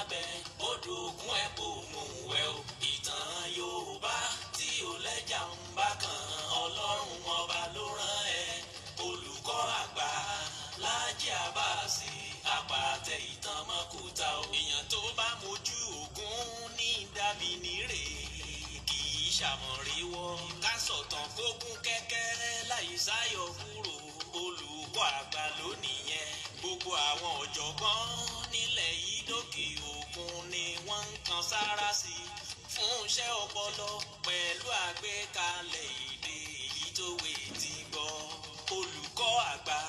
abẹ odò ògùn ẹ̀ bò mú. iṣẹ́ ọpọlọ pẹ̀lú àgbékalẹ̀ èdè èyí tó wé ti gbọ́ olùkọ́ àgbà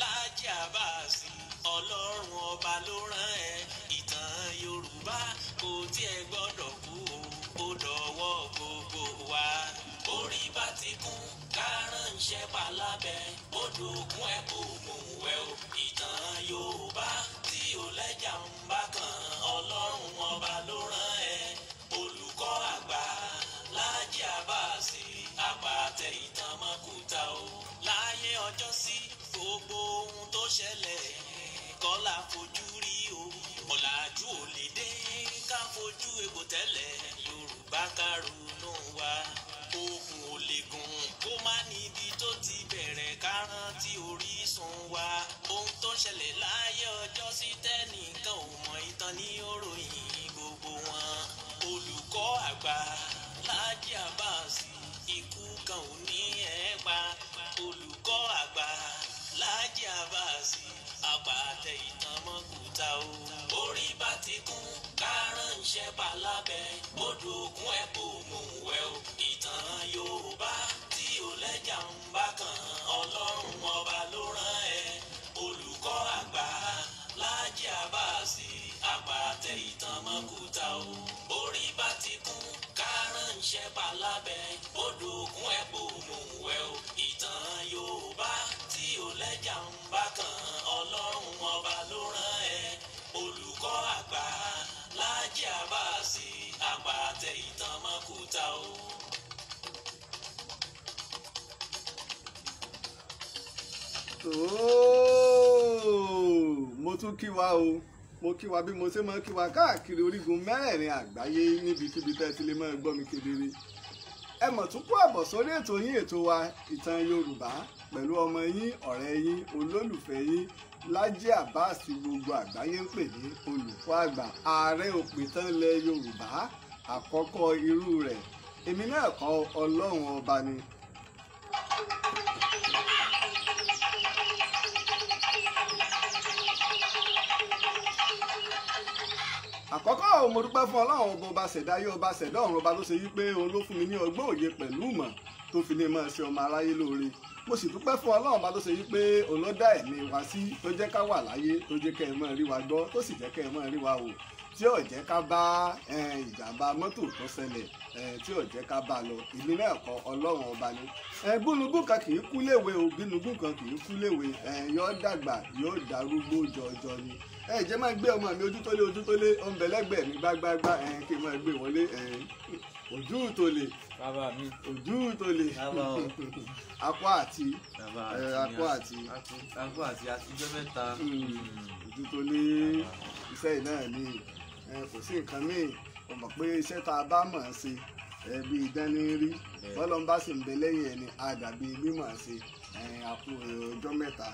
Láàjì Àbáàsì ọlọ́run ọba ló rán ẹ ìtàn Yorùbá kò tiẹ̀ gbọ́dọ̀ kú o ó dọ̀wọ́ gbogbo wa orí bá ti kún kárànṣẹ́ palábẹ́ odò òkun ẹ̀ kò mú wẹ́ o ìtàn Yorùbá tí ò ń bá kan ọlọ́run ọba ló rán ẹ. ṣẹlẹ̀ kọ́lá fojú ṣe balábẹ odò òkun ẹ bò mú wẹ o ìtàn Yorùbá tí ò lẹ́jà ń bá kan Ọlọ́run ọba ló rán ẹ olùkọ́ àgbà Láàjì Àbáàsì àpàtẹ ìtàn mọ́kúta o borí bá ti kún kárànṣẹ́ balábẹ odò òkun. ta o. mo tún kí wa o mo kí wa bí mo ṣe máa ń kí wa káàkiri orígun mẹ́rẹ̀ẹ̀rin àgbáyé níbikíbi tẹ́ ti lè máa gbọ́ mi kedere ẹ mọ̀ tún kó àbọ̀ sórí ètò yín ètò wa ìtàn Yorùbá pẹ̀lú ọmọ yín ọ̀rẹ́ yín olólùfẹ́ yín Lájí Abbas gbogbo àgbáyé ń pè ní olùkọ́ àgbà ààrẹ òpìtàn ilẹ̀ Yorùbá àkọ́kọ́ irú rẹ̀ èmi náà kọ́ ọlọ́run ọba ni. àkọ́kọ́ mo dúpẹ́ fún ọlọ́run ọba ọba ṣẹ̀dáyé ọba ṣẹ̀dá ọ̀run ọba ló ṣe wípé òun ló fún mi ní ọgbọ́n òye pẹ̀lú ìmọ̀ tó fi lè máa ṣe ọmọ aráyé lóore mo sì dúpẹ́ fún ọlọ́run ọba ló ṣe wípé òun ló dá ẹ̀mí wa sí tó jẹ́ ká wà láyé tó jẹ́ kẹ́ ẹ máa rí wa gbọ́ tó sì jẹ́ kẹ́ ẹ máa rí wa wò tí ò jẹ́ ká bá ìjàmbá mọ́tò tó ṣẹlẹ̀ tí ò jẹ́ ká bá lọ ìlú náà kọ ọlọ́run ọba ni. gbúnugún kan kì í kú léwe o gbúnugún kan kì í kú léwe yóò dàgbà yóò darúgbó jọjọ ni. ẹ jẹ́ máa gbé ọmọ mi ojú tó lé ojú tó lé ọ̀nbẹ̀lẹ́gbẹ̀ mi gbágbágbá kí n máa gbé wọlé ojú tó lè ojú tó lè akọ àti akọ àti akọ àti àtijọ́ mẹ́ta hmm, hmm. ojú iṣẹ́ yìí ni kò sí nǹkan míì kò mọ̀ pé iṣẹ́ tá a bá mọ̀ ọ́n ṣe ẹbí ìdánirí bọ́lá ń bá sì ń bẹ lẹ́yìn ẹni àdàbí mímọ̀ ṣe àpò ọjọ́ mẹ́ta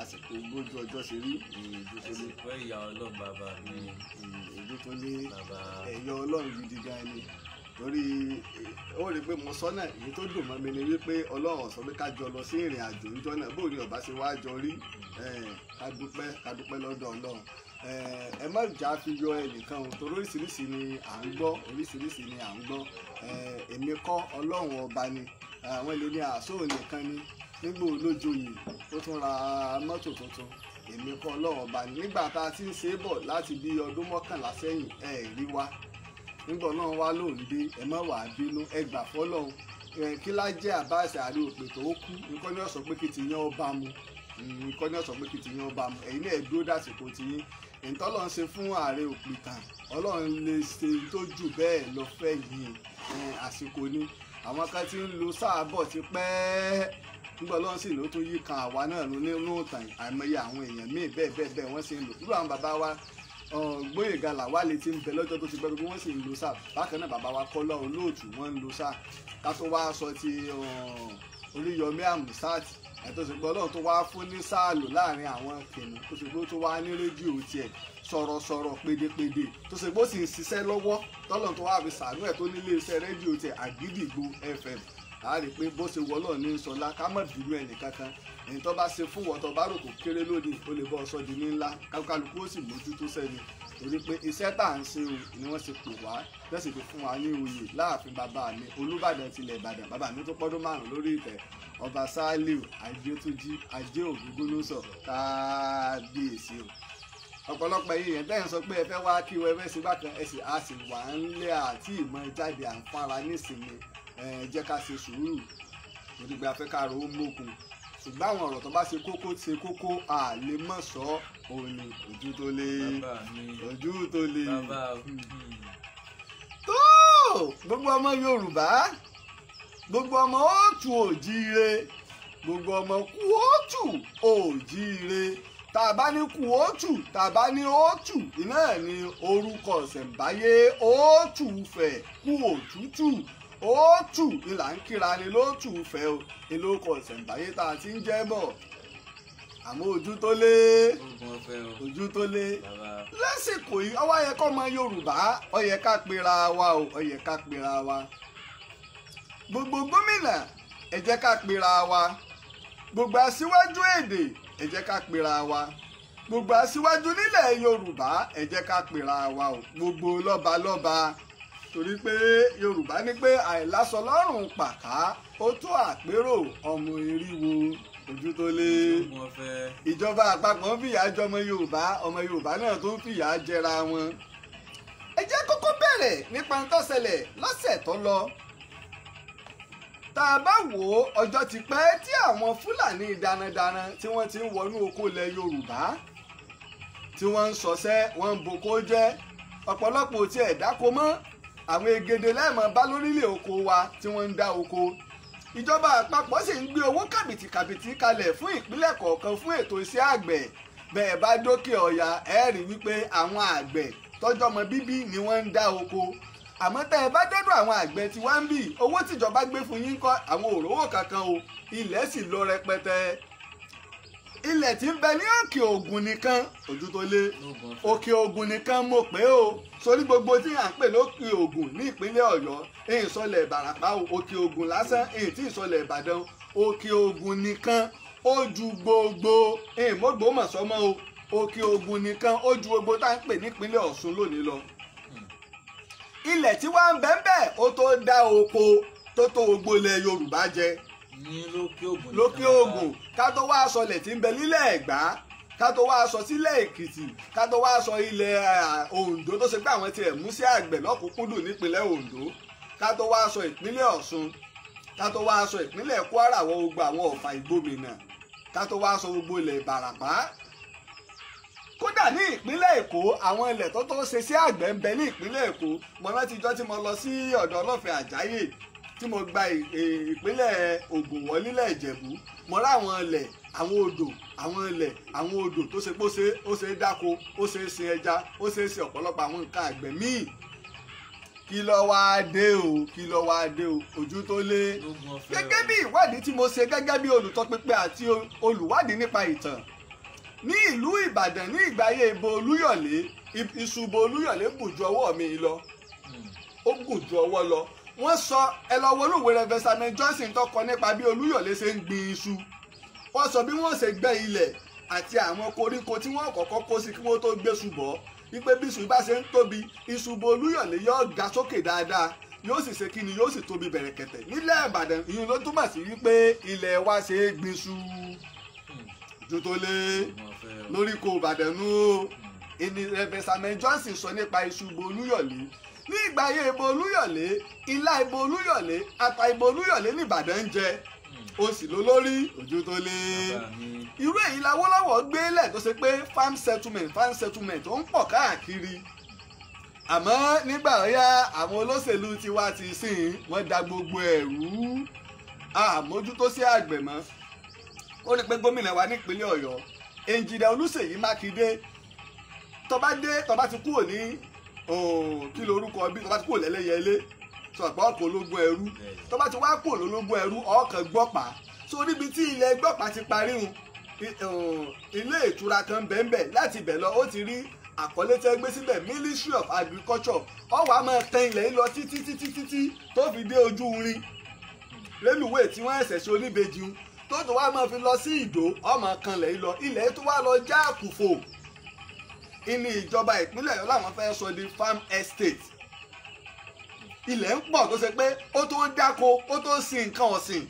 àsìkò gbójú ọjọ́ ṣe rí ìdú tó ní. ẹ̀sìnkú ẹ̀yà ọlọ́run bàbá mi. ìdú tó ní ẹ̀yà ọlọ́run gidi gan ni torí ó rí i pé mo sọ náà èyí tó dùn mọ́ mi ni wípé ọlọ́run ọ̀sán pé ká jọ lọ sí ìrìn àjò ìjọ náà bóòrí ọ̀bá ṣe wá jọ rí ká dúpẹ́ ká dúpẹ́ lọ́dọ̀ ọlọ́run ẹ má jà fi yọ ẹnìkan o torí oríṣiríṣi ni à ń gbọ́ oríṣiríṣi ni à ń gbọ́ èmi kọ́ ọlọ́run ọba ni àwọn ilé ní àṣọ nìkan ni nígbà olójoyè ó tún ra mọ́tò tuntun èmi kọ́ ọlọ́run ọba ni nígbà tá a ti ń ṣe é bọ̀ láti bí ọdún mọ́kànlá sẹ́yìn ẹ rí wa nígbà náà wá ló ń dé ẹ má wàá bínú ẹ gbà fọlọ́run kí lá jẹ́ àbáṣe àrí òpè tó kú nǹkan ní ọ̀sán pé kì í ti yan ọba mu hmm, nǹkan ní ọ̀sán pé kì í ti yan ọba mu ẹ̀yin náà dúró dàsìkò tiyín ìtọ́lọ́run ṣe fún ààrẹ òpìtàn ọlọ́run lè ṣe tó jù bẹ́ẹ̀ lọ fẹ́ yìí àsìkò ni àwọn kan ti ń lo sáà bọ̀ ti pẹ́ẹ́ nígbà ọlọ́run sì ló tún yí kan àwa náà ló ní lóòótàn àìmọye àwọn èèyàn míì bẹ́ẹ̀ bẹ́ẹ̀ bẹ́ẹ̀ wọ́n sì ń lò irú àwọn bàbá wa Gbóyèga Làwálè ti ń bẹ lọ́jọ́ tó ti gbẹ́ gbogbo wọ́n sì ń lo sáà bákan náà bàbá wa Kọ́lá Olóòtú wọ́n ń lo sáà ká tó wá sọ ti Oríyọmí Àmùsáàtì àtòsígbọ́ ọlọ́run tó wá fún ní sáàlù láàrin àwọn kìnnì tó ṣe pé ó tó wá ní rédíò tiẹ̀ sọ̀rọ̀sọ̀rọ̀ pédépédé tó ṣe pé ó sì ń ṣiṣẹ́ lọ́wọ́ tọ́lọ́run tó wá fi sàánú ẹ̀ tó nílé iṣẹ́ rédíò tiẹ̀ àgídìgbò FM a rí i pé bó ṣe wọ náà ní sọlá ká má bínú ẹnì kankan ẹni tó bá ṣe fún wọn tó bá rò kó kéré lóde ó lè bọ́ ọsọ di ní ńlá kálukú ó sì mójútó sẹ́ni torí pé iṣẹ́ tá à ń ṣe o ni wọ́n ṣe pè wá lọ́sẹ̀ fi fún wa ní oyè láàfin bàbá mi olúbàdàn tilẹ̀ ìbàdàn bàbá mi tó pọ́dún márùn lórí ìtẹ́ ọba saliu ajétúnjí ajé ògúngúnúsọ kábíyèsí o ọ̀pọ̀lọpọ̀ yìí yẹn bẹ́ẹ̀ sọ pé ẹ fẹ́ wá kí wọ́n ẹ fẹ́ ṣe bákan ẹ sì á sì wà ń lé àti ìmọ̀ jáde àǹfààní nísìnyí jẹ́ ká ṣe sùúrù torí pé a fẹ́ ká ro ó mókun ṣùgbọ́n àwọn ọ̀rọ̀ tó bá ṣe kókó ṣe kókó à lè mọ̀ sọ òun ni ojú tó le ojú tó le tó gbogbo ọmọ Yorùbá gbogbo ọmọ òtù òjíire gbogbo ọmọ kú òtù òjíire tá ní kú òtù tá a bá ní òtù iná ẹ̀ ní orúkọ ọ̀sẹ̀ ń báyé òtù fẹ̀ kú òtútù òótù ni là ń kíra ni lóòtù fẹ́ o elóko ìṣẹ̀ǹbáyé tá a ti ń jẹ́ bọ̀ àmọ́ ojú tó lé ojú tó lé lásìkò yìí ọwọ́ yẹ kọ́ ọmọ Yorùbá ó yẹ ká pera wa o ó yẹ ká pera wa gbogbo gómìnà ẹ jẹ́ ká pera wa gbogbo aṣíwájú èdè ẹ jẹ́ ká pera wa gbogbo aṣíwájú nílẹ̀ Yorùbá ẹ ká pera wa o gbogbo lọ́balọ́ba torí pé yorùbá ní pé àìlásọ lọ́rùn pàká ó tó àpérò ọmọ eríwo ojú tó lé ìjọba àpapọ̀ ń fìyà jọmọ yorùbá ọmọ yorùbá náà tó ń fìyà jẹra wọn. ẹ jẹ́ kókó bẹ̀rẹ̀ nípa tó ṣẹlẹ̀ lọ́sẹ̀ tó lọ tá a bá wò ó ọjọ́ ti pẹ́ tí àwọn fúlàní darandaran tí wọ́n ti ń wọnú oko ilẹ̀ yorùbá tí wọ́n ń ṣọṣẹ́ wọ́n ń boko jẹ́ ọ̀pọ̀lọpọ̀ tí ẹ̀ dáko mọ́ àwọn egede lẹ́ẹ̀mọ́ bá lórílẹ̀ oko wa tí wọ́n ń dá oko ìjọba àpapọ̀ sì ń gbé owó kàbìtì kàbìtì kalẹ̀ fún ìpínlẹ̀ kọ̀ọ̀kan fún ètò iṣẹ́ àgbẹ̀ bẹ́ẹ̀ bá dókè ọ̀yà ẹ rí wípé àwọn àgbẹ̀ tọ́jọ́mọ bíbí ni wọ́n ń dá oko àmọ́ tẹ́ ẹ bá dẹ́dọ̀ àwọn àgbẹ̀ tí wá ń bì owó tìjọba gbé fún yín kọ́ àwọn òróró kankan o ilẹ̀ sì lọ rẹpẹtẹ ilẹ̀ tí ń bẹ ní òkè ògùn nìkan ojú tó lé òkè ògùn nìkan mo pè ó sórí gbogbo tí à ń pè lókè ògùn ní ìpínlẹ̀ ọ̀yọ́ èyí sọlẹ̀ ìbàràpá o òkè ògùn lásán èyí tí ìsọlẹ̀ ìbàdàn òkè ògùn nìkan ó ju gbogbo èyí mọ́gbọ́mọ̀sọ́mọ́ o òkè ògùn nìkan ó ju gbogbo tá à ń pè nípínlẹ̀ ọ̀ṣun lónìí lọ. Hmm. ilẹ̀ tí wàá ń bẹ́ẹ̀ bẹ́ẹ̀ ó tó dá oko tó tó gbogbo ilẹ̀ yorùbá jẹ lókè ògùn ká tó wá aṣọ lẹ̀ tí ń bẹ nílẹ̀ ẹ̀gbá ká tó wá aṣọ sílẹ̀ èkìtì ká tó wá aṣọ ilẹ̀ eh, ondo tó ṣe pé àwọn tiẹ̀ mú sí àgbẹ̀ lọ́kùnkúndùn nípínlẹ̀ ondo ká tó wá aṣọ ìpínlẹ̀ ọ̀ṣun ká tó wá aṣọ ìpínlẹ̀ kwara wọ gbogbo àwọn ọ̀fà ìgbòmìnà ká tó wá aṣọ gbogbo ilẹ̀ ìbàràpá kódà ní ìpínlẹ̀ èkó àwọn ilẹ̀ tó tó ṣe sí àgbẹ̀ ń bẹ ní ìpínlẹ̀ tí mo gba ìpínlẹ̀ Ògùn wọlé lẹ́ẹ̀jẹ̀bú mo ráwọn ilẹ̀ àwọn odò àwọn ilẹ̀ àwọn odò tó ṣe pé ó ṣe é dáko ó ṣe é sin ẹja ó ṣe é sin ọ̀pọ̀lọpọ̀ àwọn nǹkan àgbẹ̀ míì kí ló wá dé o kí ló wá dé o ojú tó lé gẹ́gẹ́ bí ìwádìí tí mo ṣe gẹ́gẹ́ bí olùtọpinpin àti olùwádìí nípa ìtàn ní ìlú Ìbàdàn ní ìgbà ayé ibo Olúyọ̀lé ìṣubú Olúyọ̀lé bù ju ọwọ́ mi lọ hmm. ó gùn ju ọwọ́ lọ wọ́n sọ ẹ lọ wọlúwèé Reverend Samuel Johnson tó kọ nípa bí Olúyọ̀lé ṣe ń gbin iṣu wọ́n sọ bí wọ́n ṣe gbẹ́ ilẹ̀ àti àwọn koríko tí wọ́n kọ́kọ́ kó sí kí wọ́n tó gbé ṣubọ̀ wípé bí iṣu bá ṣe ń tóbi iṣu bo Olúyọ̀lé yóò ga sókè dáadáa yóò sì ṣe kíni yóò sì tóbi bẹ̀rẹ̀kẹ̀tẹ̀ nílẹ̀ Ìbàdàn ìyún ló túmọ̀ sí wípé ilẹ̀ wa ṣe é gbin iṣu ju tó lé lórí ko Ìbàdàn nù ó ìní Reverend Samuel Johnson sọ nípa iṣu bo Olúyọ̀lé ní ìgbà ayé ibo olúyọ̀lé ilá ibo olúyọ̀lé ata ibo olúyọ̀lé ní jẹ hmm. o sì ló lórí ojú tó lé irú èyí lawọ́lọ́wọ́ gbélé tó ṣe pé farm settlement farm settlement ó ń pọ̀ káàkiri àmọ́ nígbà ọ̀yá àwọn olóṣèlú tiwa ti sìn wọ́n da gbogbo ẹ̀rú àmójútó sí àgbẹ̀ mọ́ ó ní pé gómìnà wa nípínlẹ̀ ọ̀yọ́ ẹnjìnà olúṣèyí mákindé tó dé tó ti kúrò ní Oh, kí lorúkọ bí tó bá ti kúrò lẹ́lẹ́yẹlé sọ̀pọ̀ ọkọ̀ ológun ẹrú tó bá ti wá kúrò lólógun ẹrú ọkàn gbọ́pà so níbi tí ilẹ̀ gbọ́pà ti parí hun eh, ilé ìtura kan bẹ́ẹ̀nbẹ́ẹ̀ láti ibẹ̀ lọ ó ti rí àkọlé tẹ́ gbé síbẹ̀ Ministry of Agriculture ọwọ́ a máa tan ilẹ̀ lọ títí títí títí tó fi dé ojú rin rélùwé tí wọ́n ẹ̀sẹ̀ ṣe oníbejì hun tó tó wá máa fi lọ sí ìdó ọmọ kanlẹ̀ yìí lọ ilẹ̀ tó wá lọ já àkùfò ìní ìjọba ìpínlẹ̀ Ọ̀yọ́ làwọn fẹ́ sọ di farm estate ilẹ̀ ń pọ̀ tó ṣe pé ó tó dáko ó tó sin nǹkan ọ̀sìn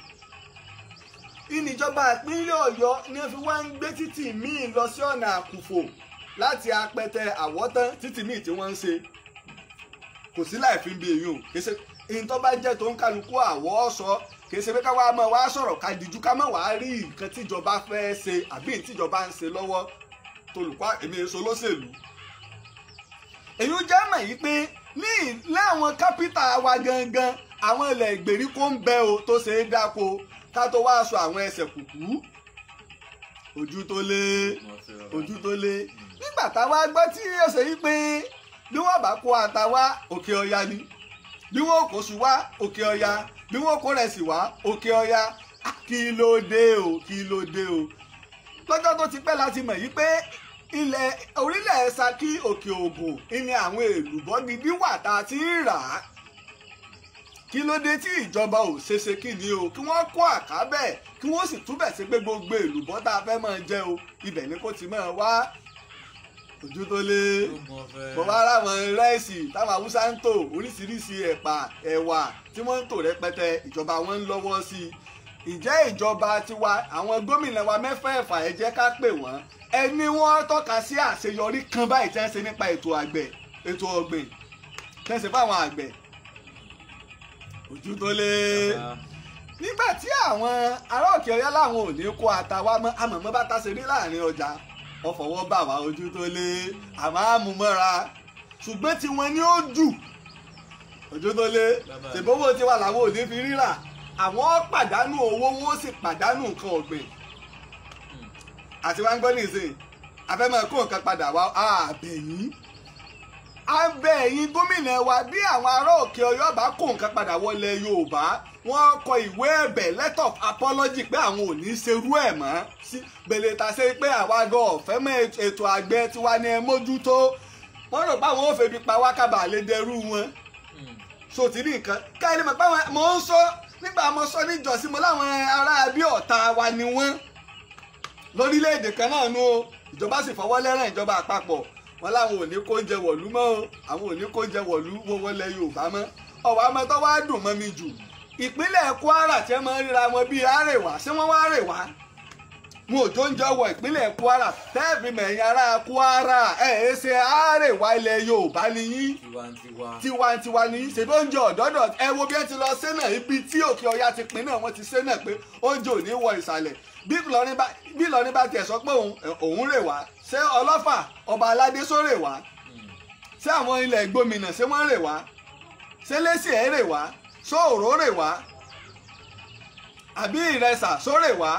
ìní ìjọba ìpínlẹ̀ Ọ̀yọ́ ni wọ́n fi wá ń gbé títì míì lọ sí ọ̀nà àkùfò láti apẹtẹ àwọ̀tán títì míì tí wọ́n ń ṣe kò sí láì fi ń bí èyí o kì í ṣe ìtọ́ bá jẹ́ tó ń kálukú àwọ̀ ọ̀sọ́ kì í ṣe pé ká wá máa wá sọ̀rọ̀ ká dìjú ká máa wá rí nǹkan tíjọba fẹ́ ṣe àbí tíjọba ń ṣe lọ́wọ́ tolùkọ́ èmi èso lọ́sẹ̀lú èyí ó jẹ́ mọ̀ yìí pé ní láwọn kápítà wa gangan àwọn ilẹ̀ ìgbèríko ń bẹ o tó ṣe é dáko ká tó wá aṣọ àwọn ẹsẹ̀ kùkú ojú tó lé ojú tó lé nígbà táwa gbọ́ tí ó yìí pé bí wọ́n bá kó ata òkè ọya ni bí wọ́n kó su wá òkè ọya bí wọ́n kó rẹ̀ sì wá òkè ọya ah, kí ló dé o kí ló dé o lọ́jọ́ tó ti pẹ́ láti mọ̀ yìí pé ilẹ̀ orílẹ̀ Ṣakí òkè Ògùn ni àwọn èlùbọ́ gidi wà tá a ti ń rà á kí ló dé tí ìjọba ò ṣeṣe kí ni o kí wọ́n kó àkábẹ̀ kí wọ́n sì túbẹ̀ sí pé gbogbo èlùbọ́ tá a fẹ́ máa jẹ o ibẹ̀ ni kó ti máa wá ojú tó lé mo wá ráwọn rẹ́ẹ̀sì táwọn haúsá ń tò oríṣiríṣi ẹ̀pà ẹ̀wà tí wọ́n ń tò rẹpẹtẹ ìjọba wọn ń lọ́wọ́ sí i ìjẹ́ ìjọba tiwa àwọn gómìnà wa mẹ́fẹ̀ẹ̀fà ẹ jẹ́ ká pè wọ́n ẹni wọ́n tọ́ka sí àṣeyọrí kan báyìí tẹ́ ń ṣe nípa ètò àgbẹ̀ ètò ọ̀gbìn tẹ́ ń ṣe fáwọn àgbẹ̀ ojú tó lé nígbà tí àwọn ará òkè ọ̀yá làwọn ò ní kó ata wá mọ́ àmọ̀mọ́ bá tá ṣe rí láàrin ọjà ọfọwọ́ bà wá ojú tó lé àmọ́ àmúmọ́ra ṣùgbọ́n tiwọn ni ó jù ojú tó lé tiwa làwọn ò ní fi rírà àwọn pàdánù owó wọ́n sì pàdánù nǹkan ọ̀gbìn hmm. àti wá ń gbọ́ nìsín afẹ́ máa kó nǹkan padà wá àbẹ̀yìn àbẹ̀yìn gómìnà wa bí àwọn ará òkè ọ̀yọ́ bá kó nǹkan padà wọlé yorùbá wọ́n kọ ìwé ẹ̀bẹ̀ letter of apology pé àwọn ò ní ṣerú ẹ̀ mọ́ sí gbèlè ta ṣe pé àwa gan ọ̀fẹ́ mọ́ ètò àgbẹ̀ tiwa ni ẹ mójútó wọ́n rò pé àwọn ò febi pa wákàbà lè dẹrú wọn hmm. so ti ní nǹkan káyọ̀ ní mọ̀ pé mo ń sọ nígbà mo sọ níjọ́sí mo láwọn ará Abẹ́òkúta wa ni wọ́n lórílẹ̀‐èdè kan náà nu o ìjọba sì fọwọ́ lẹ́rẹ̀ ìjọba àpapọ̀ wọn láwọn ò ní kó jẹ wọ̀lú mọ́ o àwọn ò ní kó jẹ wọ̀lú wọwọ́ lẹ Yorùbá mọ́ ọ̀wọ́ amọ́tọ́ wá dùn mọ́ mi jù ìpínlẹ̀ Kwara tí wọ́n ríra wọn bíi Àrèwá ṣé wọ́n wá Àrèwá mo ò jó ń jọ wọ ìpínlẹ̀ Kwara tẹ́ẹ̀fì mẹ̀yìn ará Kwara ẹ̀ ẹ́ ṣe àárẹ̀wá ilẹ̀ Yorùbá ni yín tiwantiwa ni yín ṣèbí oúnjẹ ọ̀dọ́dọ̀ ẹ wo bí ẹ ti lọ sí náà ibi tí òkè ọya ti pin náà wọ́n ti ṣe náà pé oúnjẹ ò ní wọ ìsàlẹ̀ bí Ìlọrin bá tiẹ̀ sọ pé òun rè wá ṣé Ọlọ́fà ọba aládé só rè wá ṣé àwọn ilẹ̀ ìgbòmìnà ṣé wọ́n rè wá ṣé lẹ́sì ẹ̀ rè wá ṣó òró rè wá àbí ìrẹsà só rè wá.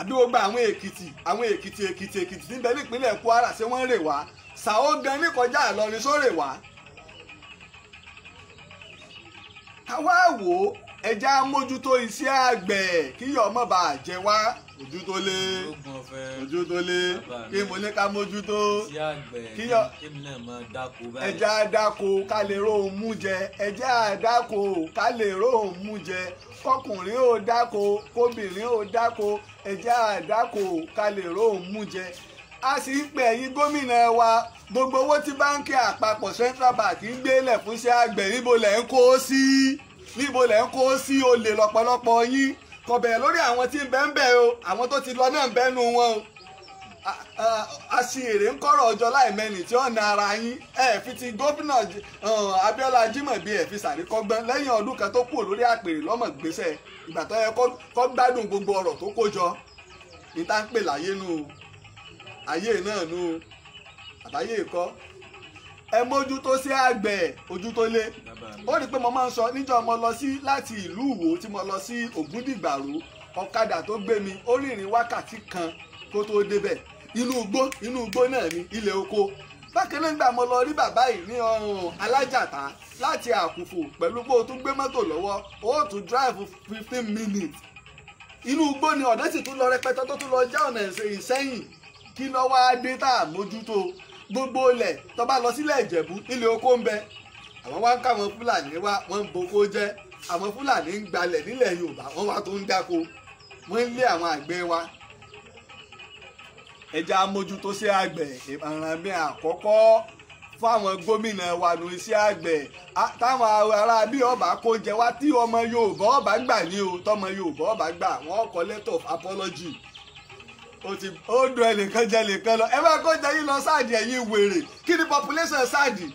àbí gbogbo àwọn èkìtì àwọn èkìtì èkìtì èkìtì níbẹ̀ nípínlẹ̀ kwara ṣé wọ́n rè wá ṣàó gan ní kọjá àlọrin só rè wá. àwa wò ẹja mójútó iṣẹ́ àgbẹ̀ kíyọ̀ ọmọ bàá jẹ wá ojú tó lé ojú tó lé kí mo ní ká mójú tó kí yọ ẹja dáko ká lè róhun mú jẹ ẹja dáko ká lè róhun mú jẹ kọkùnrin ó dáko kóbìnrin ó dáko ẹja dáko ká lè róhun mú jẹ a sì ń pè ẹ̀yin gómìnà wa gbogbo owó tí báńkì àpapọ̀ central bank ń gbélẹ̀ fún iṣẹ́ àgbẹ̀ níbo lẹ̀ ń kó sí níbo lẹ̀ ń kó sí olè lọ́pọ̀lọpọ̀ yín kò bẹ̀rẹ̀ lórí àwọn tí ń bẹ ń bẹ o àwọn tó ti lọ náà ń bẹ wọn o aṣèrè ń kọ́rọ̀ ọjọ́ láìmẹ́ni tí ó na ara yín ẹ fi ti gómìnà Abíọ́lá Ajímọ̀bí ẹ fi sàríkọ́gbọ́n lẹ́yìn ọdún kan tó kù lórí àpèrè lọ́mọ gbèsè ìgbà tó yẹ kó gbádùn gbogbo ọ̀rọ̀ tó kó jọ ní ń pè láyé nu ayé náà nu àtàyè kọ́ ẹ mójú tó sí àgbẹ̀ ojú tó lé ó rí i pé mo máa ń sọ níjọ́ mo lọ sí láti ìlú Ìwó tí mo lọ sí Ògúndìgbàrú ọ̀kadà tó gbé mi ó rìnrìn wákàtí kan kó tó débẹ̀ inú igbó inú igbó náà ni ilẹ̀ oko bákan náà gbà mo lọ rí bàbá yìí ní ọrùn alájàta láti àkùfò pẹ̀lú pé o tún gbé mọ́tò lọ́wọ́ o tún drive fifteen minutes inú igbó ni ọ̀dọ́ sì tún lọ rẹpẹtẹ tó tún lọ já ọ̀nà ìsẹ́yìn kí ló wá dé tá a mójútó gbogbo ilẹ̀ tó bá lọ sílẹ̀ ìjẹ̀bú ilé oko ń bẹ àwọn wá ń káwọn fúlàní wá wọ́n ń boko jẹ́ àwọn fúlàní ń gbalẹ̀ nílẹ̀ yorùbá wọ́n wá tó ń dáko wọ́n ń lé àwọn àgbẹ̀ wa ẹja amójútó sí àgbẹ̀ ìmọ̀ràn mi àkọ́kọ́ fáwọn gómìnà wa nù iṣẹ́ àgbẹ̀ táwọn ará bí ọba kó jẹ wá tí ọmọ yorùbá ọba gbà ní o tọmọ yorùbá ọba gbà wọ́n kọ letter of ó dùn ẹnìkan jẹ nìkan lọ ẹ bá kó jẹ yín lọ sáàdì ẹ̀yin wèrè kí ni population sáàdì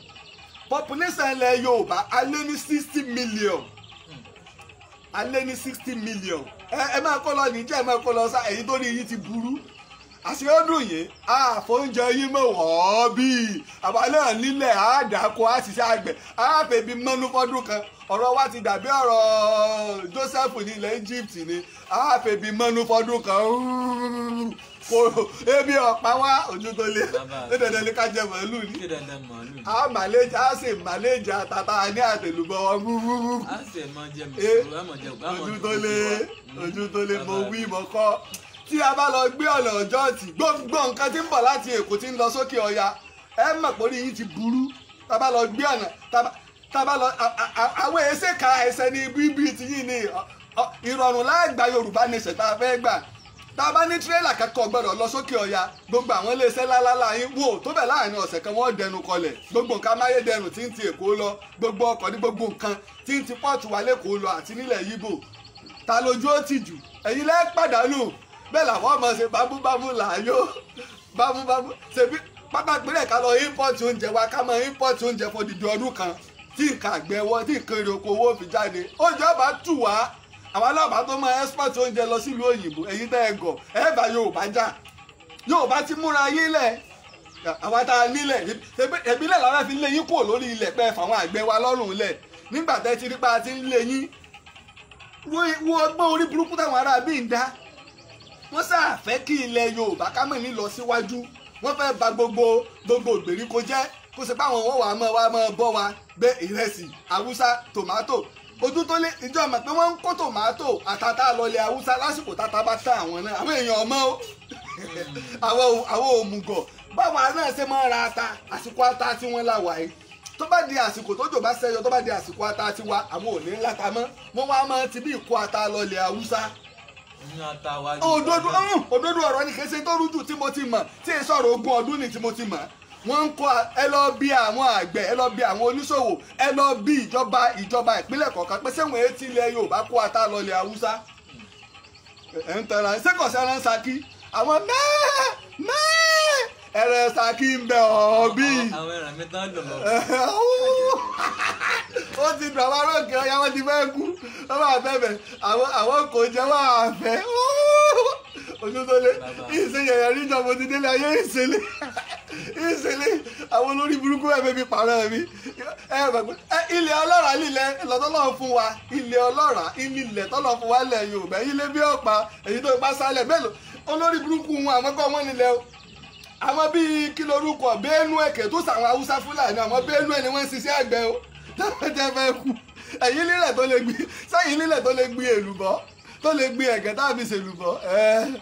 population ilẹ̀ yorùbá a lé ní sixty million a ní sixty million ẹ máa kó lọ nìjẹ́ ẹ máa kó lọ sá ẹ̀yin tó ní yín ti burú àṣeyọdún yìí àfọ̀njẹ yín mọ̀ wọ́ọ́ bíi àbá nílẹ̀ àdàkọ àṣìṣe àgbẹ̀ àfẹ̀bí mọ́nú fọ́dún kan ọ̀rọ̀ wa ti dàbí ọ̀rọ̀ Joseph ní ilẹ̀ Egypt ni àfẹ̀bí mọ́nú fọ́dún kan kò ebi ọ̀pá wá ojú tó lé dandan ní ká jẹ màálù ni a màlẹ́jà a sì màlẹ́jà tata ní àtẹlùbọ̀ wọn eh, ojú tó lé ojú tó lé mo wí mo kọ́ tí a bá lọ gbé ọ̀nà ọjọ́ tì gbogbo nǹkan tí ń bọ̀ láti èkó tí ń lọ sókè ọya ẹ mọ̀ pé orí ti burú tá a bá lọ gbé ọ̀nà tá a bá lọ àwọn èsè ka ẹsẹ̀ ní bíbí ti yìí ni ìrọ̀rùn láàgbà yorùbá nation tá a fẹ́ gbà tá a bá ní tírélà kankan gbọ́dọ̀ lọ sókè ọya gbogbo àwọn iléeṣẹ́ lálálá yín wò tó bẹ̀ láàrin ọ̀sẹ̀ kan wọ́n dẹnu kọlẹ̀ gbogbo nǹkan amáyédẹrùn tí ń ti èkó lọ gbogbo ọkọ̀ ní gbogbo nǹkan tí ń ti pọ́ọ̀tù wálé kó lọ àti nílẹ̀ yíbò ta lójú ó tì ẹ̀yin lẹ́ẹ̀ pàdánù bẹ́ẹ̀ làwọn ọmọ ṣe bámúbámú là á yó bámúbámú ṣèbí pápá ìpínlẹ̀ ká lọ ímpọ́tì oúnjẹ wa ká máa ímpọ́tì oúnjẹ kan tí nǹkan àgbẹ̀ tí nǹkan èrè oko owó fi jáde oúnjẹ ọba tù wá àwọn aláàbá tó máa export lọ sílùú òyìnbó ẹ̀yin tẹ́ ẹ gọ̀ ẹ bá Yorùbá jà Yorùbá ti múra yín lẹ̀ àwa fi lé yín kúrò lórí ilẹ̀ pẹ́ àgbẹ̀ wa lọ́rùn lẹ̀ nígbà tẹ́ ti rí pa ti ń lé yín wọ́n sáà fẹ́ kí ilẹ̀ yorùbá ká mọ̀ ní lọ síwájú wọ́n fẹ́ bà gbogbo gbogbo ìgbèríko jẹ́ kó ṣe pé àwọn wọn wàá mọ wàá mọ bọ́ wa gbé ìrẹsì haúsá tòmátò ojú tó lé ìjọ mọ̀ pé wọ́n ń kó tòmátò àtàtà lọlẹ̀ haúsá lásìkò tata bá tán àwọn náà àwọn èèyàn ọmọ o àwọn òmùgọ̀ báwa náà ṣe máa ra ata àsìkò ata tí wọ́n là wáyé tó bá di àsìkò tó jò bá ṣẹyọ tó bá di àsìkò ata tiwa àwọn ò ní ńlá mọ́ wọ́n wá máa ti bí ìkó ata lọlẹ̀ haúsá òdodo òdodo ọ̀rọ̀ ni kèsè tó rújú tí mo ti mọ̀ tí èso ọ̀rọ̀ ogún ọdún ni tí mo ti mọ̀ wọ́n ń kọ́ ẹ lọ bí àwọn àgbẹ̀ ẹ lọ bí àwọn oníṣòwò ẹ lọ bí ìjọba ìjọba ìpínlẹ̀ kọ̀ọ̀kan pé sẹ́wọ̀n etí ilẹ̀ Yorùbá kó ata lọlẹ̀ Haúsá ẹ̀ ń tẹ̀ra ṣé kò sẹ́ra ń Ṣakí àwọn mẹ́ẹ̀ẹ́ mẹ́ẹ̀ẹ́ ẹ̀rẹ̀ Ṣakí ń bẹ ọ̀ọ́ bíi. àwọn ẹ̀rọ mi tán dùn mọ́ ó ti dùn àwọn aróòkè ọ̀yà wọn ti fẹ́ kú wọ́n máa fẹ́ bẹ̀ àwọn kò jẹ́ wọ́n á fẹ́ ojútólé ìṣèyẹyẹ ríjọ mo ti délé ayé ìṣẹ̀lẹ̀ ìṣẹ̀lẹ̀ àwọn olórí burúkú ẹ̀mí mi pààrọ̀ mi ilẹ̀ ọlọ́ràá lílẹ̀ lọ́tọ́lọ́ fún wa ilẹ̀ ọlọ́ràá ilẹ̀ tọ́lọ́ fún wa lẹ̀ Yorùbá ilé bí ọ̀pá èyí tó ipá sálẹ̀ mélòó olórí burúkú wọn àwọn kọ́ wọn nílẹ̀ o àwọn bíi kí lorúkọ Benue kẹ́tù sàwọn Haúsá Fúlàní àwọn Benue ni wọ́n ń ṣiṣẹ́ àgbẹ̀ o tẹ́ fẹ́ kú ẹ̀yin lílẹ̀ tó lè gbé sẹ́yìn lílẹ̀ tó lè gbé èlùbọ́ tó lè gbé ẹ̀gẹ́ tá a fi ṣèlùbọ́ ẹ̀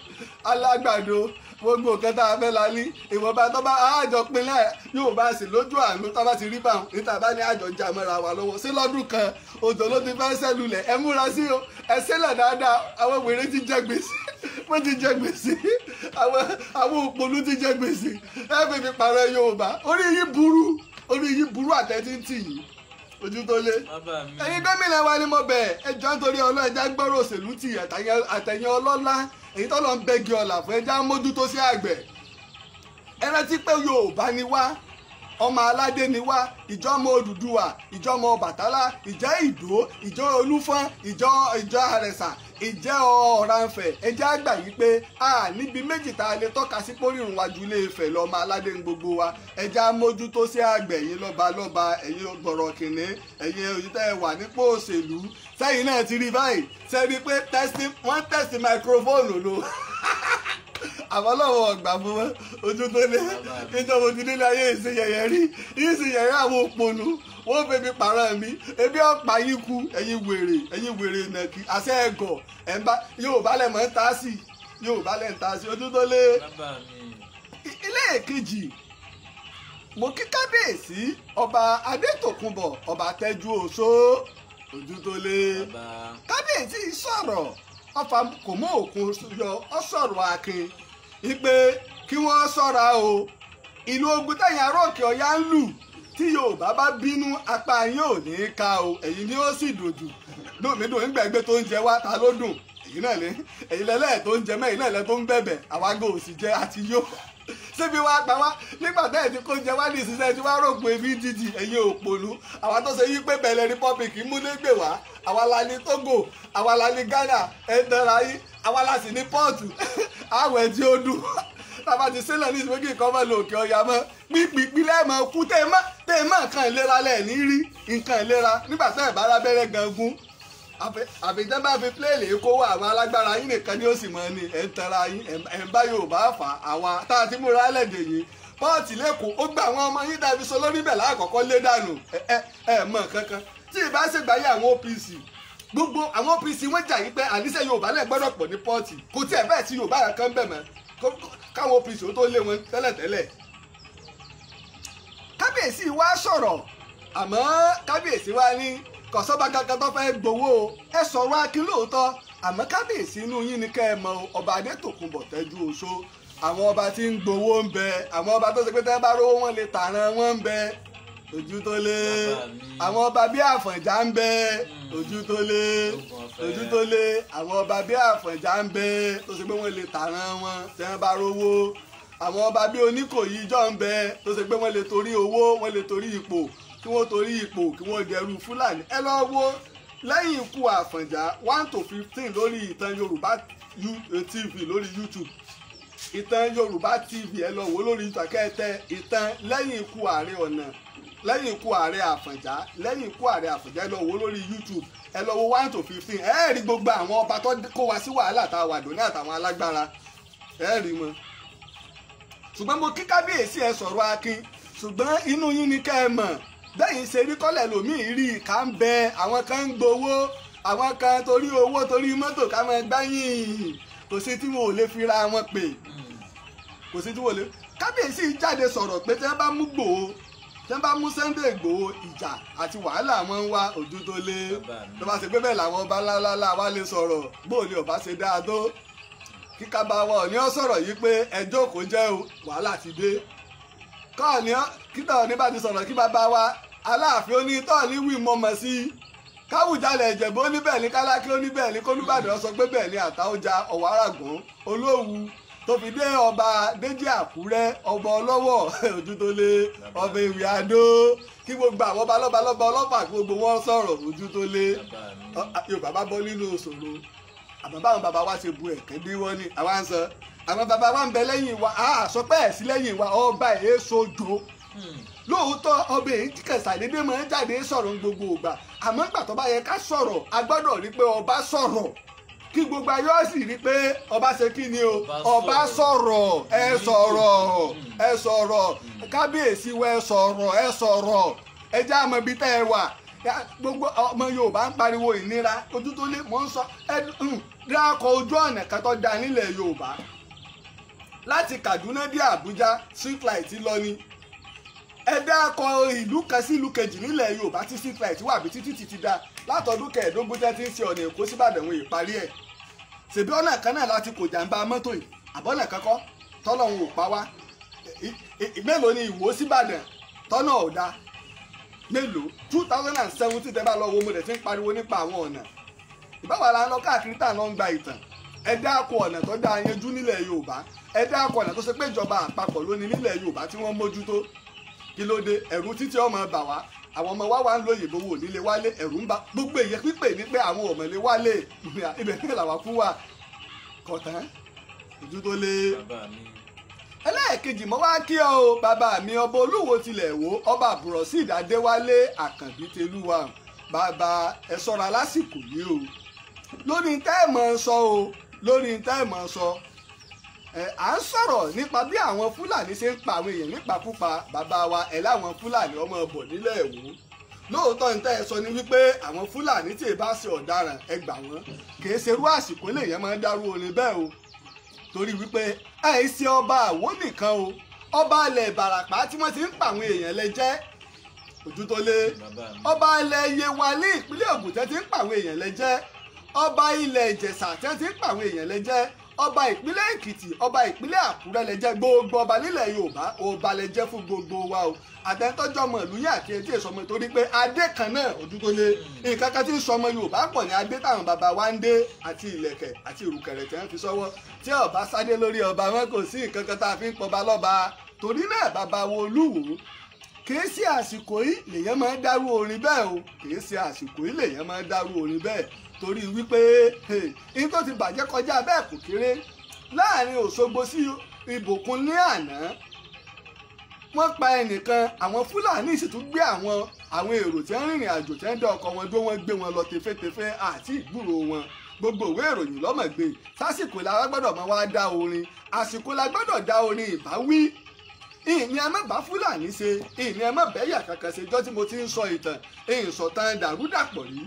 alágbàdo gbogbo nǹkan tá a fẹ́ la ní ìwọ̀nba tó bá àjọ pinlẹ̀ yóò bá sì lójú àánú tó bá ti rí báwọn níta bá ní àjọ jà mọ́ra wa lọ́wọ́ sí lọ́dún kan òjò ló ti fẹ́ sẹ́lulẹ̀ ẹ múra sí o ẹ sílẹ̀ dáadáa àwọn wèrè ti jẹ gbèsè wọ́n ti jẹ gbèsè àwọn òpònú ti jẹ gbèsè ẹ fi fi pààrọ̀ Yorùbá orí yìí burú orí yìí burú àtẹ̀tí tì yìí ojú tó lé ẹ̀yin gómìnà wa ni mo bẹ̀ ẹjọ́ nítorí ọlọ́ ẹja gbọ́rọ̀ òṣèlú ti àtẹ̀yìn ọlọ́lá èyí tọ́lọ́ ń bẹ́gi ọ̀là fún ẹja mójútó sí àgbẹ̀ ẹ rántí pé Yorùbá ni wá ọmọ aládé ni wá ìjọ ọmọ Odùduwà ìjọ ọmọ Ọbàtálá ìjẹ Ìdó ìjọ Olúfọ̀n ìjọ ìjọ Àrẹ̀sà ìjẹ Ọ̀rànfẹ̀ ẹjẹ àgbà yìí pé a níbi méjì tá a lè tọ́ka sí pórìrùn wájú ilé Ifẹ̀ lọ́mọ aládé ń gbogbo wa ẹjẹ amójútó sí àgbẹ̀ yín lọ́ba lọ́ba ẹ̀yin gbọ̀rọ̀ kìnní ẹ̀yin òyìntẹ́ wà nípò òṣèlú sẹ́yìn náà ti rí báyìí sẹ́ni pé wọ́n tẹ̀sí microphone lò àmọ́ lọ́wọ́ ọ̀gbà fún wọn ojú tó lé níjọba ojú nílé ayé ìsìn yẹ̀yẹ̀ rí ìsìn yẹ̀yẹ̀ àwọn òpònú wọ́n fẹ́mi pààrọ̀ mi ebi ọ̀pá yín ku ẹ̀yin wèrè ẹ̀yin wèrè nàkì àṣẹ ẹ̀gọ̀ ẹ̀ńbá yóò balẹ̀ mọ́ ta sí yóò balẹ̀ ta sí ojú tó lé. ilé èkejì mo kí kábíyèsí ọba adétòkunbọ̀ ọba tẹ́jú òṣó ojú tó lé kábíyèsí sọ̀rọ̀ ọfà kò mú òkun yọ ọ sọ̀rọ̀ akin wípé kí wọ́n ṣọ́ra o ìlú ogun tẹ̀yìn ará òkè ọ̀yá ń lù tí yorùbá bá bínú apá yín ò ní í ka o èyí ni ó sì dùn jù lómi dùn ń gbẹ̀gbẹ́ tó ń jẹ wá ta ló dùn èyí náà lé èyí lẹ́lẹ́ tó ń jẹ mẹ́ èyí náà lẹ́ tó ń bẹ̀bẹ̀ àwa gò sì jẹ àti yó síbi wá pa wá nígbà tá ẹ̀ ti kó jẹ wá ní ìsinsẹ́ tí wá rògbò ebi jíjì ẹ̀yin òpònú àwa tó ṣe yí pé bẹ̀rẹ̀ republic múlẹ́gbẹ̀ wá àwa la ní Togo àwa la ní Ghana ẹ̀ dára yín àwa la sì ní pọ́ọ̀tù àwẹ̀ tí ó dùn tabati sílẹ̀ ní ìsìnkú lòkè ọ̀yà mọ́ pípípí lẹ́ẹ̀mọ́ kú tẹ́ mọ́ tẹ́ ìlera lẹ́ẹ̀ní rí nǹkan ìlera nígbà tẹ́ bá lábẹ́rẹ́ gangun àbíjẹ́ bá fi pléèlì kó wà àwọn alágbára yín nìkan ni ó sì mọ ni ẹ̀ ń tara yín ẹ̀ ń bá Yorùbá fà àwa tá a ti múra lẹ́dẹ̀ yìí pọ́ọ̀tì lẹ́kọ̀ọ́ ó gba àwọn ọmọ yín dàbí so lórí bẹ̀ láàkọ́kọ́ lé dànù ẹ̀ ẹ̀ mọ̀ kankan tí ì gbogbo àwọn OPC wọ́n jà yí pé àníṣe Yorùbá lẹ̀ gbọ́dọ̀ pọ̀ ní pọ́ọ̀tì kò tiẹ̀ bẹ́ẹ̀ sí Yorùbá kankan bẹ̀ mọ́ káwọn OPC tó lé wọn tẹ́lẹ̀tẹ́lẹ̀ kábíyèsí wa sọ̀rọ̀ àmọ́ kábíyèsí wa ní kọ̀sọ́ba kankan tó fẹ́ gbowó ẹ sọ̀rọ̀ akin lóòótọ́ àmọ́ kábíyèsí inú yín ni kẹ́ ẹ mọ ọba adétòkùnbọ̀ tẹ́jú oṣó àwọn ọba tí ń gbowó ń bẹ àwọn ọba tó ṣe pé tẹ́ bá rówó wọn lè tààràn wọn ń bẹ ojú tó lé àwọn ọba bíi àfọ̀njá ń bẹ. Mm ojú tó lé ojú tó lé àwọn ọba bí àfọ̀njá ń bẹ tó ṣe pé wọ́n lè tàràn wọn tí wọ́n bá rówó àwọn ọba bí oníkòyí jọ ń bẹ tó ṣe pé wọ́n lè torí owó wọ́n lè torí ipò kí wọ́n torí ipò kí wọ́n dẹrù fúlàní ẹ lọ wo lẹ́yìn ikú àfọ̀njá one to fifteen lórí ìtàn yorùbá eh, tv lórí youtube ìtàn yorùbá tv ẹ lọ wo lórí ìtàkẹ́tẹ́ ìtàn lẹ́yìn ikú ààrẹ ọ̀nà lẹ́yìn ikú ààrẹ àfọ̀njá lẹ́yìn ikú ààrẹ àfọ̀njá ẹ lọ wo lórí youtube ẹ lọ wo one to fifteen ẹ rí gbogbo àwọn ọba tó kó wa sí wàhálà tá a wà dòní àtàwọn alágbára ẹ rí wọn. ṣùgbọ́n mo kí kábíyèsí ẹ sọ̀rọ̀ akin ṣùgbọ́n inú yín ni kẹ́ ẹ mọ̀ bẹ́yìn ṣe rí kọ́lẹ̀ lòmíì rí ìka ń bẹ àwọn kan ń gbowó àwọn kan torí owó torí mọ́tò ká máa gbáyìn kò sí tí wọn ò lè fi ra wọn pè kò sí tí wọn ò lè kábíyèsí jáde sọ̀rọ̀ pé tí wọ́n bá mú gbòó tí wọ́n bá mú Sunday Igboho ìjà àti wàhálà wọn ń wá ojú tó lé tó bá ṣe pé bẹ́ẹ̀ làwọn ọba ńláńlá wa lè sọ̀rọ̀ bóòlì ọba ṣe dáa tó kíkà bá wa òní ọ sọ̀rọ̀ yìí pé ẹjọ́ kò jẹ́ wàhálà ti dé kọ́ọ̀ni kíta òní bá ti sọ̀rọ̀ kí bàbá wa aláàfin ó ní tọ́ọ̀ni wí mọ́mọ́ sí i káwùjalẹ̀ ìjẹ̀bú ó ní bẹ́ẹ̀ ni kálákí ó ní bẹ́ẹ̀ ni kólúbàdàn sọ pé bẹ́ẹ̀ ni àtàwọ̀jà ọ̀wọ́ àràgùn olóòwú tó fi dé ọba Déjì Àkúrẹ́ ọba ọlọ́wọ̀ ojú tó lé ọba ìwé adó kí gbogbo àwọn ọba lọ́ba lọ́ba ọlọ́pàá kí gbogbo wọn sọ̀rọ̀ ojú tó lé Yorùbá bá bọ́ nínú òṣòro àmọ́ báwọn bàbá wa ṣe bu ẹ̀kẹ́ dé wọ́n ni àwa ń sọ àwọn bàbá wa ń bẹ lẹ́yìn wa àṣọpẹ́ ẹ̀ sí lẹ́yìn wa ọba ẹ̀ sojo hmm. lóòótọ́ ọbẹ̀ yìí tí kẹsàlédé máa ń jáde sọ̀rọ̀ gbogbo ìgbà àmọ́ ìgbà bá yẹ ká sọ̀rọ̀ a rí pé ọba sọ̀rọ̀ kí gbogbo ayé ó sì rí i pé ọba ṣe kí ni o ọba sọ̀rọ̀ ẹ sọ̀rọ̀ ẹ sọ̀rọ̀ kábíyèsí wa ẹ sọ̀rọ̀ ẹ sọ̀rọ̀ ẹ jẹ́ àmọ́ ibi tẹ́ ẹ wà gbogbo ọmọ Yorùbá ń pariwo ìnira ojú tó lé mọ́ ń sọ ẹ dákọ̀ ojú ọ̀nà kan da nílẹ̀ Yorùbá láti Kaduna dé Àbújá street light lọ ni ẹ dákọ̀ ìlú kan sí ìlú kejì nílẹ̀ Yorùbá tí street light wà bí títí ti da látọdún kẹẹ̀ẹ́dógún tẹ́ ti ń ṣe ọ̀nà èkó síbàdàn òun ìparí ẹ̀ ṣèbí ọ̀nà kan náà láti kò jàǹbá mọ́tò yìí àbọ̀nà kankọ́ tọ́lọ́hún ò pa wá mélòó ni ìwò síbàdàn tọ́nà ọ̀dà mélòó two thousand and seventeen tẹ́ bá lọ wo mo dẹ̀ ti ń pariwo nípa àwọn ọ̀nà ìbáwá la ń lọ káàkiri tá à ń lọ ń gba ìtàn ẹ dákọ̀ ọ̀nà tó dáa yanjú nílẹ̀ yorùbá ẹ dákọ̀ ọ̀nà tó ṣe pé ìjọba àpapọ̀ lónìí nílẹ̀ yorùbá tí wọ́n mójútó kí ló dé ẹ̀rù títí ọmọ bà wá àwọn ọmọ wa wà ń lóye lówó onílé wálé ẹ̀rù ń bà gbogbo èyẹ pípé ní pé àwọn ọ̀mọ̀lé wálé ibẹ̀ ní làwà kú wa kọ̀tán ojú tó lé. ẹlẹ́ẹ̀kejì mo wá kí ọ o bàbá mi ọba olúwo tilẹ̀ wò ọba àbúrọ̀síìdì adéwálé àkànbí tẹlúwa bàbá ẹ ṣọ́ra lásìkò yìí o lórí tẹ́ ẹ̀ mọ̀ ń sọ o lórí tẹ́ ẹ̀ mọ̀ ń sọ à ń sọ̀rọ̀ nípa bí àwọn fúlàní ṣe ń pa àwọn èèyàn nípakúpa bàbá wa ẹ̀ láwọn fúlàní ọmọ ọbọ̀ nílẹ̀ èwú lóòótọ́ ní ẹ sọ ni wípé àwọn fúlàní tí ì bá ṣe ọ̀daràn ẹ gbà wọ́n kì í ṣerú àsìkò lèèyàn máa ń dárú orin bẹ́ẹ̀ o torí wípé ẹ ṣe ọba àwo nìkan o ọba alẹ̀ ìbàràpá tí wọ́n ti ń pa àwọn èèyàn lẹ jẹ́ ojú tó lé ọba alẹ̀ yewalé ìpínlẹ̀ Ògùn tẹ́ ti ń pa àwọn èèyàn lẹ jẹ́ ọba ilẹ̀ Ìjẹ̀ṣà tẹ́ ti ń pa àwọn èèyàn lẹ jẹ́ ọba ìpínlẹ̀ èkìtì ọba ìpínlẹ̀ àkúrẹ́ lè jẹ́ gbogbo ọba nílẹ̀ yorùbá ọba lè jẹ́ fún gbogbo wa o àtẹ̀tọ́jọ́ ọmọ ìlú yà kí etí ìsọmọ torí pé adé kan náà ojú tó lé nǹkan kan tí ń sọmọ yorùbá pọ̀ ní adé táwọn bàbá wa ń dé àti ìlẹ̀kẹ̀ àti ìrùkẹ̀rẹ̀ tí wọ́n fi sọ́wọ́ tí ọba sáré lórí ọba wọn kò sí nǹkan kan tá a fi ń pọba lọ́ba torí náà bàbá wo olúwo kìí ṣe àsìkò yìí lèyàn máa ń dárú orin bẹ́ẹ̀ o kìí ṣe àsìkò yìí lèyàn máa ń dárú orin bẹ́ẹ̀ torí wípé ibi tó ti bàjẹ́ kọjá bẹ́ẹ̀ kò kéré láàrin Òṣogbo sí Ìbòkun ní àná wọ́n pa ẹnìkan àwọn Fúlàní sì tún gbé àwọn àwọn èrò tí ń rìnrìn àjò tí ń dá ọkọ̀ wọn dó wọ́n gbé wọn lọ tefétefé àti ìgbúrò wọn gbogbo ìwé ìròyìn lọ́mọ̀gbé sásìkò la gbọ́dọ̀ máa wá dá orin àsìkò la gbọ́dọ̀ dá orin ìbáwí ìní ẹ má bá Fúlàní ṣe ìní ẹ má bẹ́yà kankan ṣe jọ́ tí mo ti ń sọ ìtàn ìsọ̀tàn dàrúdàpọ̀ yìí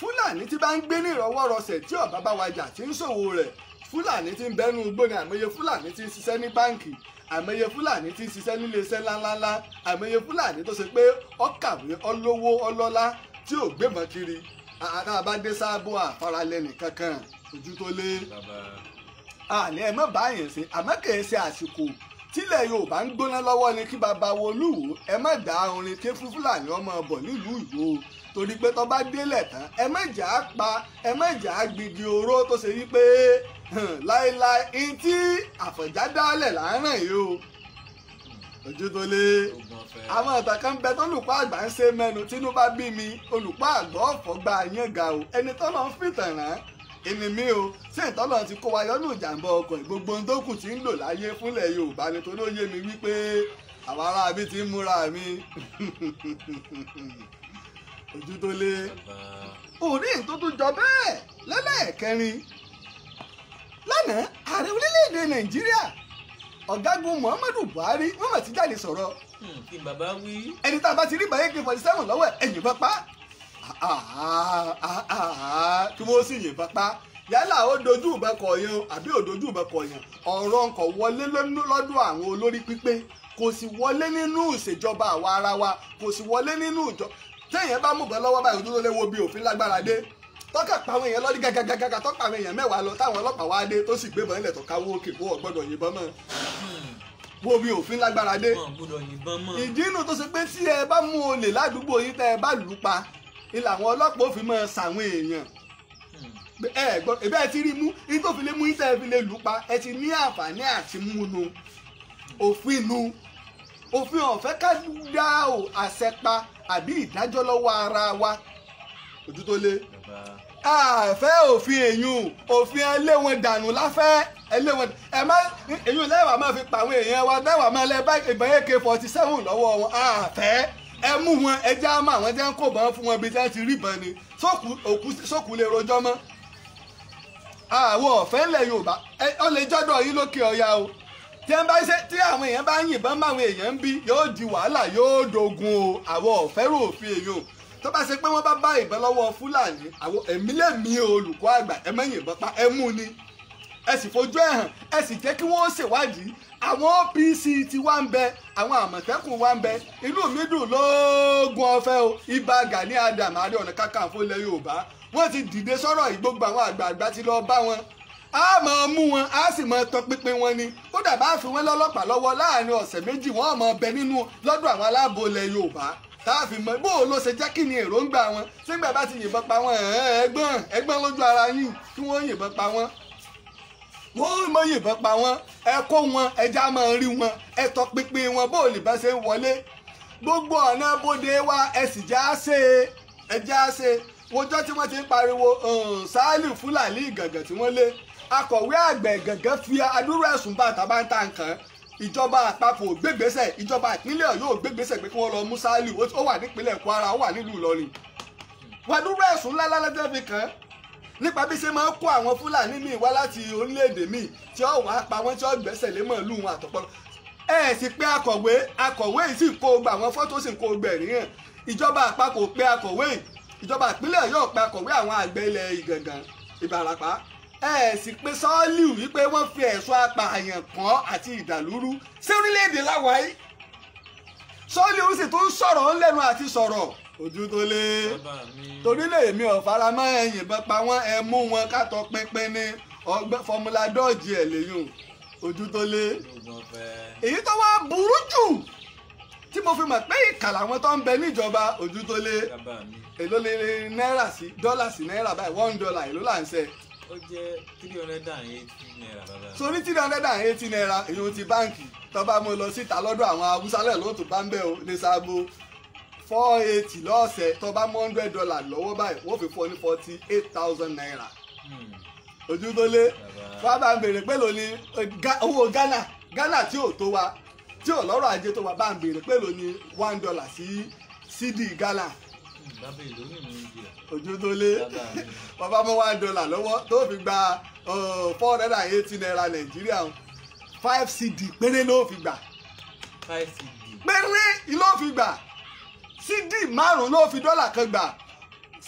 fúlàní tí bá ń gbé ní ìrọwọ́rọsẹ̀ tí ọ̀bá bá wájà tí ń ṣòwò rẹ̀ fúlàní tí ń bẹ́nu igbó ni àmọye fúlàní tí ń ṣiṣẹ́ ní báǹkì àmọye fúlàní tí ń ṣiṣẹ́ nílé iṣẹ́ ńláńláńlá àmọye fúlàní tó ṣe pé ọkàwé ọlọ́wọ́ ọlọ́lá tí ò gbé mọ́ kiri àtà bá dé sáàbò àfaralẹ̀ nìkankan ojú tó lé àní ẹ mọ̀ báyìí ṣe àmọ́ kìí ṣe àsìkò tílẹ̀ yorùbá ń gbóná lọ́wọ́ ni kí baba wo ẹ má dá orin ké fún ọmọ ọbọ̀ nílùú ìgbò torí pé tó bá délẹ̀ tán ẹ mẹ́jà á pa ẹ mẹ́jà á gbìdì oró tó ṣe wípé láéláé ihun tí àfọ̀njá dálẹ̀ láàárọ̀ yìí o ojú tó lé àwọn àtàkàn bẹ tó olùkọ́ àgbà ń ṣe mẹ́nu tínú bá bí mi olùkọ́ àgbà ọ̀fọ̀ gba àyàn ga o ẹni tó lọ ń fìtàn rán èmi mi o ṣé ìtọ́lọ̀ ti kó wa yọ́nù ìjàmbá ọkọ̀ gbogbo ohun tó kù tí ń lò láyé fúnlẹ̀ Yorùbá ni tó ló mi wípé àwọn aráabí ti ń múra mi. ojú tó lé òní ìtótó jọ bẹ́ẹ̀ lẹ́lẹ́ẹ̀kẹrin lánàá ààrẹ orílẹ̀-èdè nàìjíríà ọ̀gágun muhammadu buhari wọ́n mà ti jáde sọ̀rọ̀. Hmm, kí bàbá wí. ẹni tá a bá ti rí bàyè kí forty seven lọ́wọ́ ẹ̀yìn bá pa kí wọ́n sì yìn bá pa yálà ó dojú ìbọn kọ̀ọ̀yàn àbí ó dojú ìbọn kọ̀ọ̀yàn ọ̀rọ̀ nǹkan wọlé lọ́dọ̀ àwọn olórí pípé kò sì wọlé nínú ìṣèjọba àwa ara wa kò sì wọlé nínú ìjọba téèyàn bá múbọn lọ́wọ́ báyìí dúró léwo bí òfin lágbára dé tọ́kà pa àwọn èèyàn lọ́dí gàgàgàgà tọ́kà àwọn èèyàn mẹ́wàá lọ táwọn ọlọ́pàá wá dé tó sì gbébọn ilẹ̀ tó káwó òkè kó ọgbọ́dọ̀ yìnbọn mọ́ wo bí òfin lágbára dé ìdí inú tó ṣe pé tí ẹ bá mú olè ládùúgbò yín tẹ ẹ bá lù ú pa ilà àwọn ọlọ́pàá ò fi mọ́ ṣàwọn èèyàn hmm. ẹ gbọ́ ẹ bẹ́ẹ̀ ti rí mú yín tó fi lé mú yín tẹ́ ẹ fi lè lù pa ẹ ti ní àǹfààní àti mú nu òfin nu òfin ọ̀fẹ́ ká dá àṣẹ pa àbí ìdájọ́ lọ́wọ́ ara wa ojú tó lé àfẹ́ òfin èyàn òfin ẹlẹ́wọ̀n dànù láfẹ́ ẹlẹ́wọ̀n ẹ má èyàn lẹ́wà máa fi pa àwọn èèyàn wa lẹ́wà máa lẹ́ bá ìbọn ak forty seven lọ́wọ́ wọn àfẹ́ ẹ mú wọn ẹjẹ́ á mọ àwọn tẹ́ ń kó bọ́n fún wọn bí tẹ́ ti rí bọ́n ni sókù lè rojọ́ mọ́ àwọn ọ̀fẹ́ ńlẹ̀ Yorùbá ọ lè jọ́dọ̀ yín lókè ọ̀yà o tí wọ́n bá ṣe tí àwọn èèyàn bá yìnbọn máwọn èèyàn ń bí yóò di wàhálà yóò dogun o àwọn ọ̀fẹ́ rò fi èèyàn tó bá ṣe pé wọ́n bá bá ìbọn lọ́wọ́ fúlàní àwọn èmi lèmi olùkọ́ àgbà ẹ má yìnbọn pa ẹ mú ni ẹ sì fojú ẹ hàn ẹ sì jẹ́ kí wọ́n ṣèwádìí àwọn OPC ti wá ń bẹ àwọn àmọ̀tẹ́kùn wá ń bẹ inú mi dùn lóògùn ọ̀fẹ́ o Ìbà Gani Adams Ààrẹ Ọ̀nà Kakanfò ilẹ̀ Yorùbá wọ́n ti dìde sọ̀rọ̀ ìgbógun àwọn àgbààgbà ti lọ bá wọn a máa mú wọn a sì máa tọpinpin wọn ni kódà bá fi wọn lọ́lọ́pàá lọ́wọ́ láàrin ọ̀sẹ̀ méjì wọn máa bẹ nínú lọ́dọ̀ àwọn aláàbò ilẹ̀ Yorùbá táàfin mọ bó o ló ṣe jẹ́ kí ni èròǹgbà wọn sígbà bá ti yìnbọn pa wọn ẹ̀ẹ́gbọ́n ẹ̀gbọ́n lójú ara yín kí wọ́n yìnbọn pa wọn wọ́n mọ yìnbọn pa wọ́n ẹ kó wọn ẹja máa rí wọn ẹ tọpinpin wọn bó o lè bá ṣe ń wọlé gbogbo ọ̀nà bóde wa ẹ sì já ṣe ẹja ṣe wọjọ́ tí wọ́n ti ń pariwo Ṣálíù Fúlàní Ìgàngàn tí wọ́n lé akọ̀wé àgbẹ̀ gàngán fi adúrú ẹ̀sùn bá àtàbáńtà nǹkan ìjọba àpapọ̀ gbégbèsè ìjọba ìpínlẹ̀ ọ̀yọ́ gbégbèsè pé kí wọ́n lọ mú Sàálì ó wà nípínlẹ̀ Kwara ó wà nílùú Ìlọrin wàdúrú ẹ̀sùn ńláńlá lọ́jọ́ fi kàn án nípa bí ṣe máa ń kó àwọn Fúlàní míì wá láti orílẹ̀-èdè míì tí ó wàá pa wọ́n tí ó gbẹ́sẹ̀ lé mọ̀ọ́lù wọn àtọ̀pọ̀ ẹ sì pé akọ̀wé akọ̀wé yìí sì kó gba àwọn fọ́tò sì kó gbẹ̀rín hàn ìjọba àpapọ̀ pé akọ̀wé ìjọba ìpínlẹ̀ Ọ̀yọ́ pé akọ̀wé àwọn àgbẹ̀ ilẹ̀ Ìgàngán Ìbàràpá ẹ sì pé sọ́ọ́lù wípé wọ́n fi ẹ̀sùn apààyàn kan àti ìdàlúrú sí orílẹ̀-èdè láwàáyé sọ́ọ́lù sì tún sọ̀rọ̀ ńlẹ́nu àti sọ̀rọ̀ ojú tó lé torí lèmi ọ̀faramọ́ ẹ̀yìn bá pa wọ́n ẹ mú wọn kátó pínpín ní ọgbẹ́ fọmúlà dọ́ọ̀jì ẹ̀ lẹ́yìn ojú tó lé èyí tó wá burú jù tí mo fi mọ̀ pé ìkà làwọn tó ń bẹ níjọba ojú tó lé èló lè náírà sí dọ́là sí náírà báyìí one dollar èló là ń sẹ́ ó jẹ́ three hundred and eighty naira bàbá. so ní three hundred and eighty naira ìyóò ti báǹkì tó bá mo lọ síta lọ́dọ̀ àwọn awúsálẹ̀ lóòótọ́ bá ń bẹ̀ o lè sáàbò four eighty lọ́sẹ̀ tó bá mọ́ hundred dollar lọ́wọ́ báyìí wọ́n fi fún ọ ní forty eight thousand naira. Hmm. ojú tó lé fábà ń béèrè pé ló ní owó Ghana Ghana tí ò tó wa tí ò lọ́rọ̀ ajé tó wa bá ń béèrè pé ló ní one dollar sí cd Ghana ojú tó lé bàbá mú one dollar lọ́wọ́ tó fi gba four hundred and eighty naira nàìjíríà five cd péré ló fi gbà five cd péré ló fi gbà cd márùn ló fi dọ́là kan gbà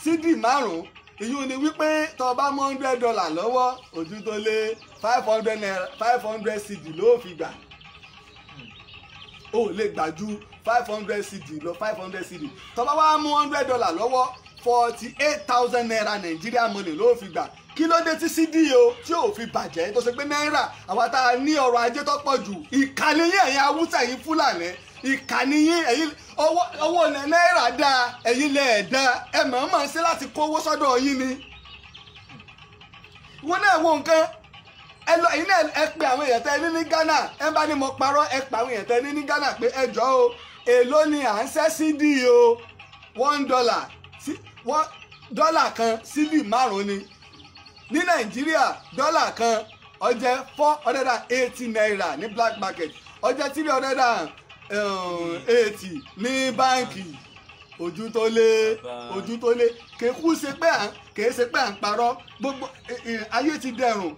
cd márùn èyí ni wípé tó bá mú hundred dollar lọ́wọ́ ojú tó lé five hundred naira five hundred cd ló fi gbà ó hmm. lè gbà ju five hundred cd lọ five hundred cd tó wa wá mú hundred dollar lọ́wọ́ forty eight thousand naira nigeria money ló fi gbà kí ló dé tí cd o tí ò fi bàjẹ́ tó ṣe pé náírà àwa tá a ní ọrọ̀ ajé tó pọ̀ jù ìkànnì yẹn ẹ̀yin awúsá yìí fúlàní ìkànnì yín ẹ̀yin owó ilẹ̀ náírà dáa ẹ̀yin lẹ̀ ẹ̀ dáa ẹ mọ̀ ọ́n mọ̀ ṣe láti kówó sọ́dọ̀ yín ni. wọn náà wo nǹkan ẹ lọ ẹ̀yin náà ẹ pe àwọn èèyàn tẹ ní ní Ghana ẹ bá ní mo parọ́ ẹ pa àwọn èèyàn tẹ ní ní Ghana pé ẹ jọ̀ọ́ o èló ni à ń ṣẹ́ sídì o one dollar si one dollar kan sídì márùn-ún ni ní nàìjíríà dọ́là kan ó four hundred and eighty naira ní black market ó jẹ́ three hundred and um, eighty ní báǹkì ojú tó lé ojú tó lé kéku ṣe pé à ń kéé ṣe pé à ń parọ́ gbogbo ayé ti dẹrùn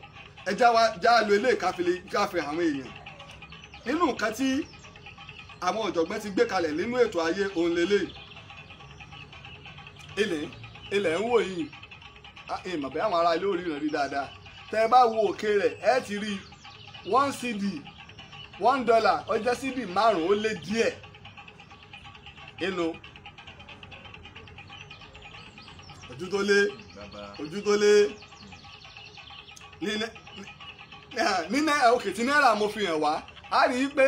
ẹja wa já lo ilé káfíń àwọn èèyàn nínú nǹkan tí àwọn ọ̀jọ̀gbọ́n ti gbé kalẹ̀ nínú ètò ayé òun lélẹ̀ ilẹ̀ ilẹ̀ ń wò yìí ìmọ̀ bẹ́ẹ̀ àwọn ará ilé orí rẹ̀ rí dáadáa tẹ́ ẹ bá wo òkè rẹ̀ ẹ ti rí one cd one dollar ó jẹ́ cd márùn-ún ó lé díẹ̀ inú ojú tó lé ojú tó lé ní náírà ok tí náírà mo fi hàn wá a rí i pé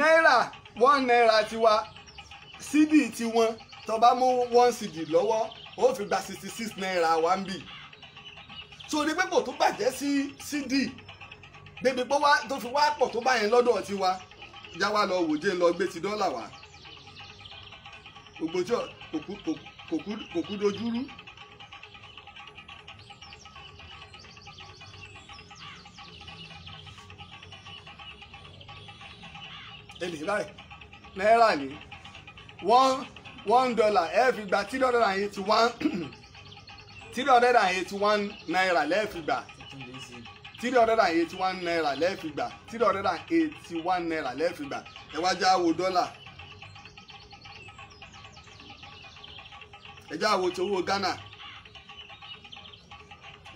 náírà one naira tiwa sídì tiwọn tó bá mú one cd lọ́wọ́ ó fi gba sixty six naira wá ń bì torí pé kò tó bàjẹ́ sí sídì débi pé tó fi wá pọ̀ tó bá yẹn lọ́dọ̀ tiwa já wa lọ wòjé lọ gbé ti dọ́là wá ògbójọ kò kú dojúrú. ẹnì báyìí náírà ní one one dollar every fi gba three hundred and eighty one three hundred and eighty one naira lẹ́ẹ̀fi gbà three hundred and eighty one naira lẹ́ẹ̀fi gbà three hundred and eighty one naira lẹ́ẹ̀fi gbà ẹ wá já wo dollar. ẹ já wo ti owó Ghana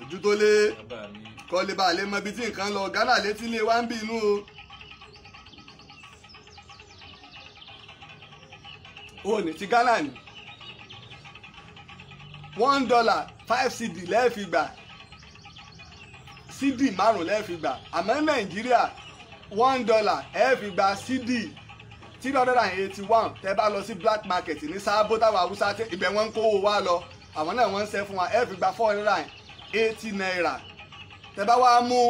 ojú tó lé kọ́ lè ba lè mọ ibi tí nǹkan lọ Ghana létí lé wá ń bí inú o. o ní ti Ghana ni one dollar five cd lẹ́ẹ̀fi gbà cd márùn lẹ́ẹ̀fi gbà àmọ́ Nàìjíríà one dollar ẹ̀ẹ́fi gba cd three hundred and eighty one tẹ́ bá lọ sí black market ní sábó táwọn haúsá tẹ ibẹ̀ wọ́n ń kówó wa lọ àwọn náà wọ́n ń ṣe fún wa ẹ̀ẹ́fi four hundred and eighty naira tẹ́ bá wá mú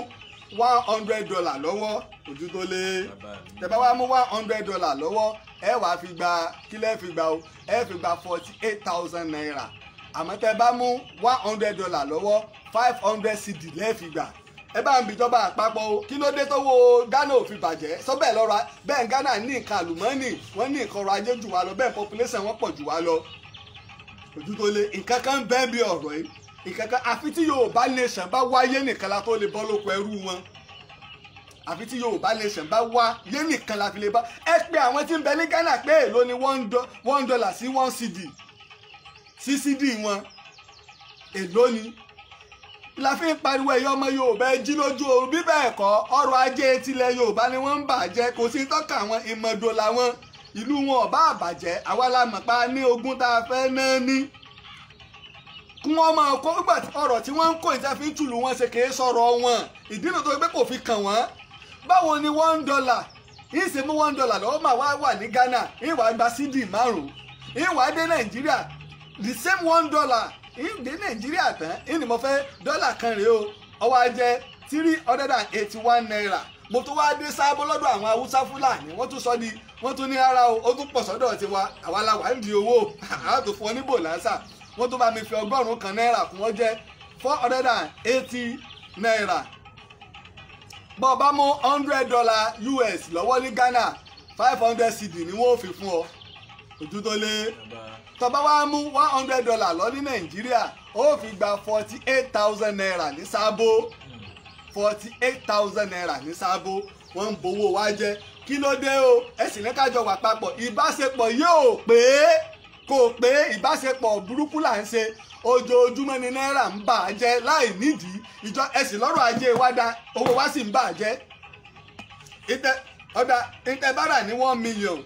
one hundred dollar lọ́wọ́ ojú tó lé tẹ̀bá wa mú one hundred dollar lọ́wọ́ ẹ wàá fi gba kílẹ̀ fi gba o ẹ fi gba forty eight thousand naira àmọ́ tẹ bá mú one hundred dollar lọ́wọ́ five hundred cd lẹ́ẹ̀fi gbà ẹ bá ń bìjọba àpapọ̀ o kí ló dé wo? Ghana ò fi bàjẹ́ sọ́bẹ̀ lọ́ra bẹ́ẹ̀ Ghana ní nǹkan àlùmọ́ọ́nì wọ́n ní nǹkan ọrọ̀ ajé jù wá lọ bẹ́ẹ̀ population wọn pọ̀ jù wá lọ ojú tó lé nǹkan kan bẹ́ẹ̀ bí ọ̀rọ̀ yìí ìkankan àfi tí yorùbá nation bá wáyé nìkan la tó lè bọ́ lóko ẹrú wọn àfi tí yorùbá nation bá wá nìkan la fi lè bá ẹ pé àwọn tí ń bẹ ní ghana pé èlò ni one dollar sí one cd ccd wọn èlò ni la fi ń pariwo ẹ̀yọ́ ọmọ yorùbá ẹ lójú oorun bí bẹ́ẹ̀ kọ́ ajé tilẹ̀ yorùbá ni wọ́n ń bàjẹ́ kò sí tọ́ka àwọn ìmọ̀dọ̀ làwọn ìlú wọn ọ̀bá àbàjẹ́ àwa la mọ̀ pa ní ogún tá a fẹ́ náà ní. wọ́n ọmọ ọkọ nígbà ọrọ tí wọn ń kó ìta fi ń tùlù wọn ṣe kìí sọrọ wọn ìdínà tó gbé kò fi kàn wọn. báwo ni one dollar ìṣe mú one dollar lọ́wọ́ máa wá wà ní Ghana ìwà gba sídì márùn-ún ìwà dé Nàìjíríà the same one dollar ìdè Nàìjíríà tán ìní mo fẹ́ dọ́là kan rèé o ọwọ́ ajẹ́ three hundred and eighty one naira mo tún wáá dé sábó lọ́dọ̀ àwọn haúsá fúlàní wọ́n tún sọ di wọ́n tún ní rárá o ó tún pọ̀ sọ́dọ̀ tiwa àwa la wà ń di owó àwọn àtòfọ́ níbò lásà wọ́n tó bá mi fi ọgọ́rùn kan náírà kún wọ́n jẹ́ four hundred and eighty naira bọ́ ọ bá mú hundred dollar US lọ́wọ́ ní Ghana five hundred cd ni wọ́n fi fún ọ ojú tó lé tó bá mú one hundred dollar lọ ní Nàìjíríà ó fi gba forty eight thousand naira ní sábó forty eight thousand naira ní sábó wọ́n ń bowó wa jẹ́ kí ló dé o ẹ sì ní kájọ wà papọ̀ ìbáṣepọ̀ yóò pé. kò pé ìbáṣepọ̀ burúkú là ń ṣe ojoojúmọ́ ni náírà ń bà á jẹ́ láì nídìí ìjọ ẹ̀sìn lọ́rọ̀ ajé wa da owó wa sì ń bà á jẹ́ ọ̀dà ìtẹ ní one million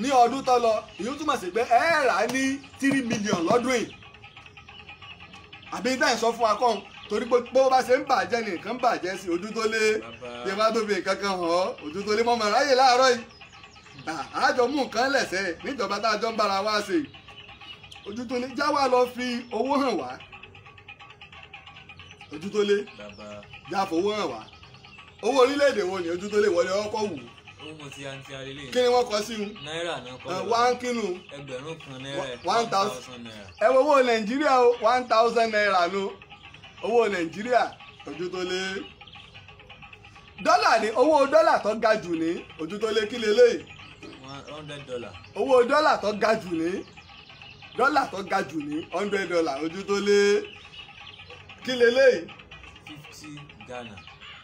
ní ọdún tó lọ ìyún túmọ̀ sí pé ẹ rà ní three million lọ́dún yìí àbí ìtẹ̀ ń sọ fún wa torí pé bó bá ṣe ń bàjẹ́ ni nǹkan bàjẹ́ sí ojú tó lé yẹ bá tóbi nǹkan kan hàn ọ́ ojú tó lé mọ́ mọ́ ráyè láàárọ̀ yìí. àjọ mú nǹkan lẹ̀sẹ̀ níjọba tá a jọ wa ojú tó ní jáwá lọ fi owó hàn wá ojú tó lé já fowó hàn wá owó orílẹ̀-èdè wo ni ojú tó lé wọlé ọkọ̀ wù ú kí ni wọ́n kọ sí un náírà náà kọ́ one thousand naira. owó one thousand naira nu owó nàìjíríà ojú tó lé dọ́là ni owó dọ́là tó ga jù hundred dollar. owó dọ́là tó ga jù ní dọ́là tó ga jù ní hundred dollar ojú tó lé kí leléyìí. fifty ghana.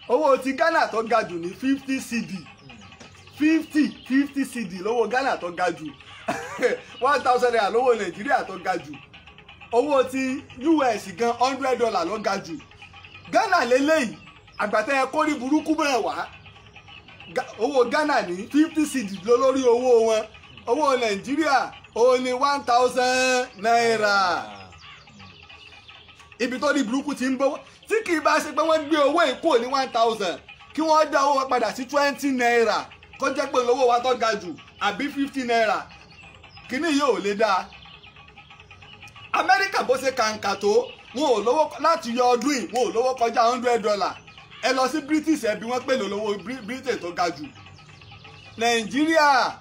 owó ti ghana tó ga jù ní fifty cd fifty fifty cd lówó ghana tó ga jù one thousand naira lówó nàìjíríà tó ga jù owó ti us gan hundred dollar ló ga jù ghana leléyìí àgbàtà ẹ kórìí burúkú bẹ́ẹ̀ wá owó Ghana ní fifty cedi lórí owó wọn owó Nàìjíríà òun ni one thousand naira ibi tó di burúkú ti ń bọ́ tí kì í bá ṣe pé wọ́n gbé owó ìkó ní one thousand kí wọ́n dá owó padà sí twenty naira kó jẹ́ pé lówó wa tó ga jù àbí fifty naira kíní yìí ò lè dáa Amẹ́ríkà bó ṣe kàǹkà tó wọn ò lówó láti yọ ọdún yìí wọn ò lówó kọjá hundred dollar ẹ lọ sí British ẹ bí wọ́n pè lólówó Britain tó ga jù Nàìjíríà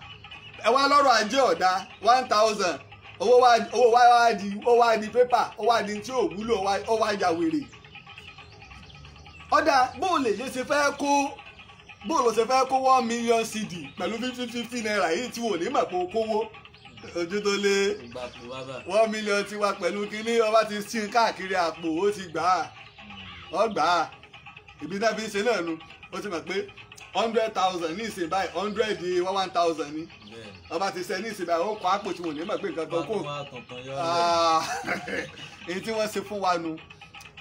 ẹ wá lọ́rọ̀ ajé ọ̀dá one thousand owó wa owó wa di ó wa di paper ó wa di tí ò wúlò ó wá ya wèrè ọ̀dà bóun lè ṣe fẹ́ kó bóun ló ṣe fẹ́ kó one million cd pẹ̀lú fifty fifty naira yìí tí wò ní mọ̀ pé ó kówó ojú tó lé one million tiwa pẹ̀lú kínní ọba ti sin káàkiri àpò ó ti gbà á ó gbà á ibi náà fi ń ṣe náà nu ó ti mọ̀ pé hundred thousand ní ìsìn báyìí hundred di one one thousand ni ọba ti ṣe ní ìsìn báyìí ó kọ́ àpò tí wọn ò ní mọ̀ pé nǹkan kan kò ah, èyí tí wọ́n ṣe fún wa nu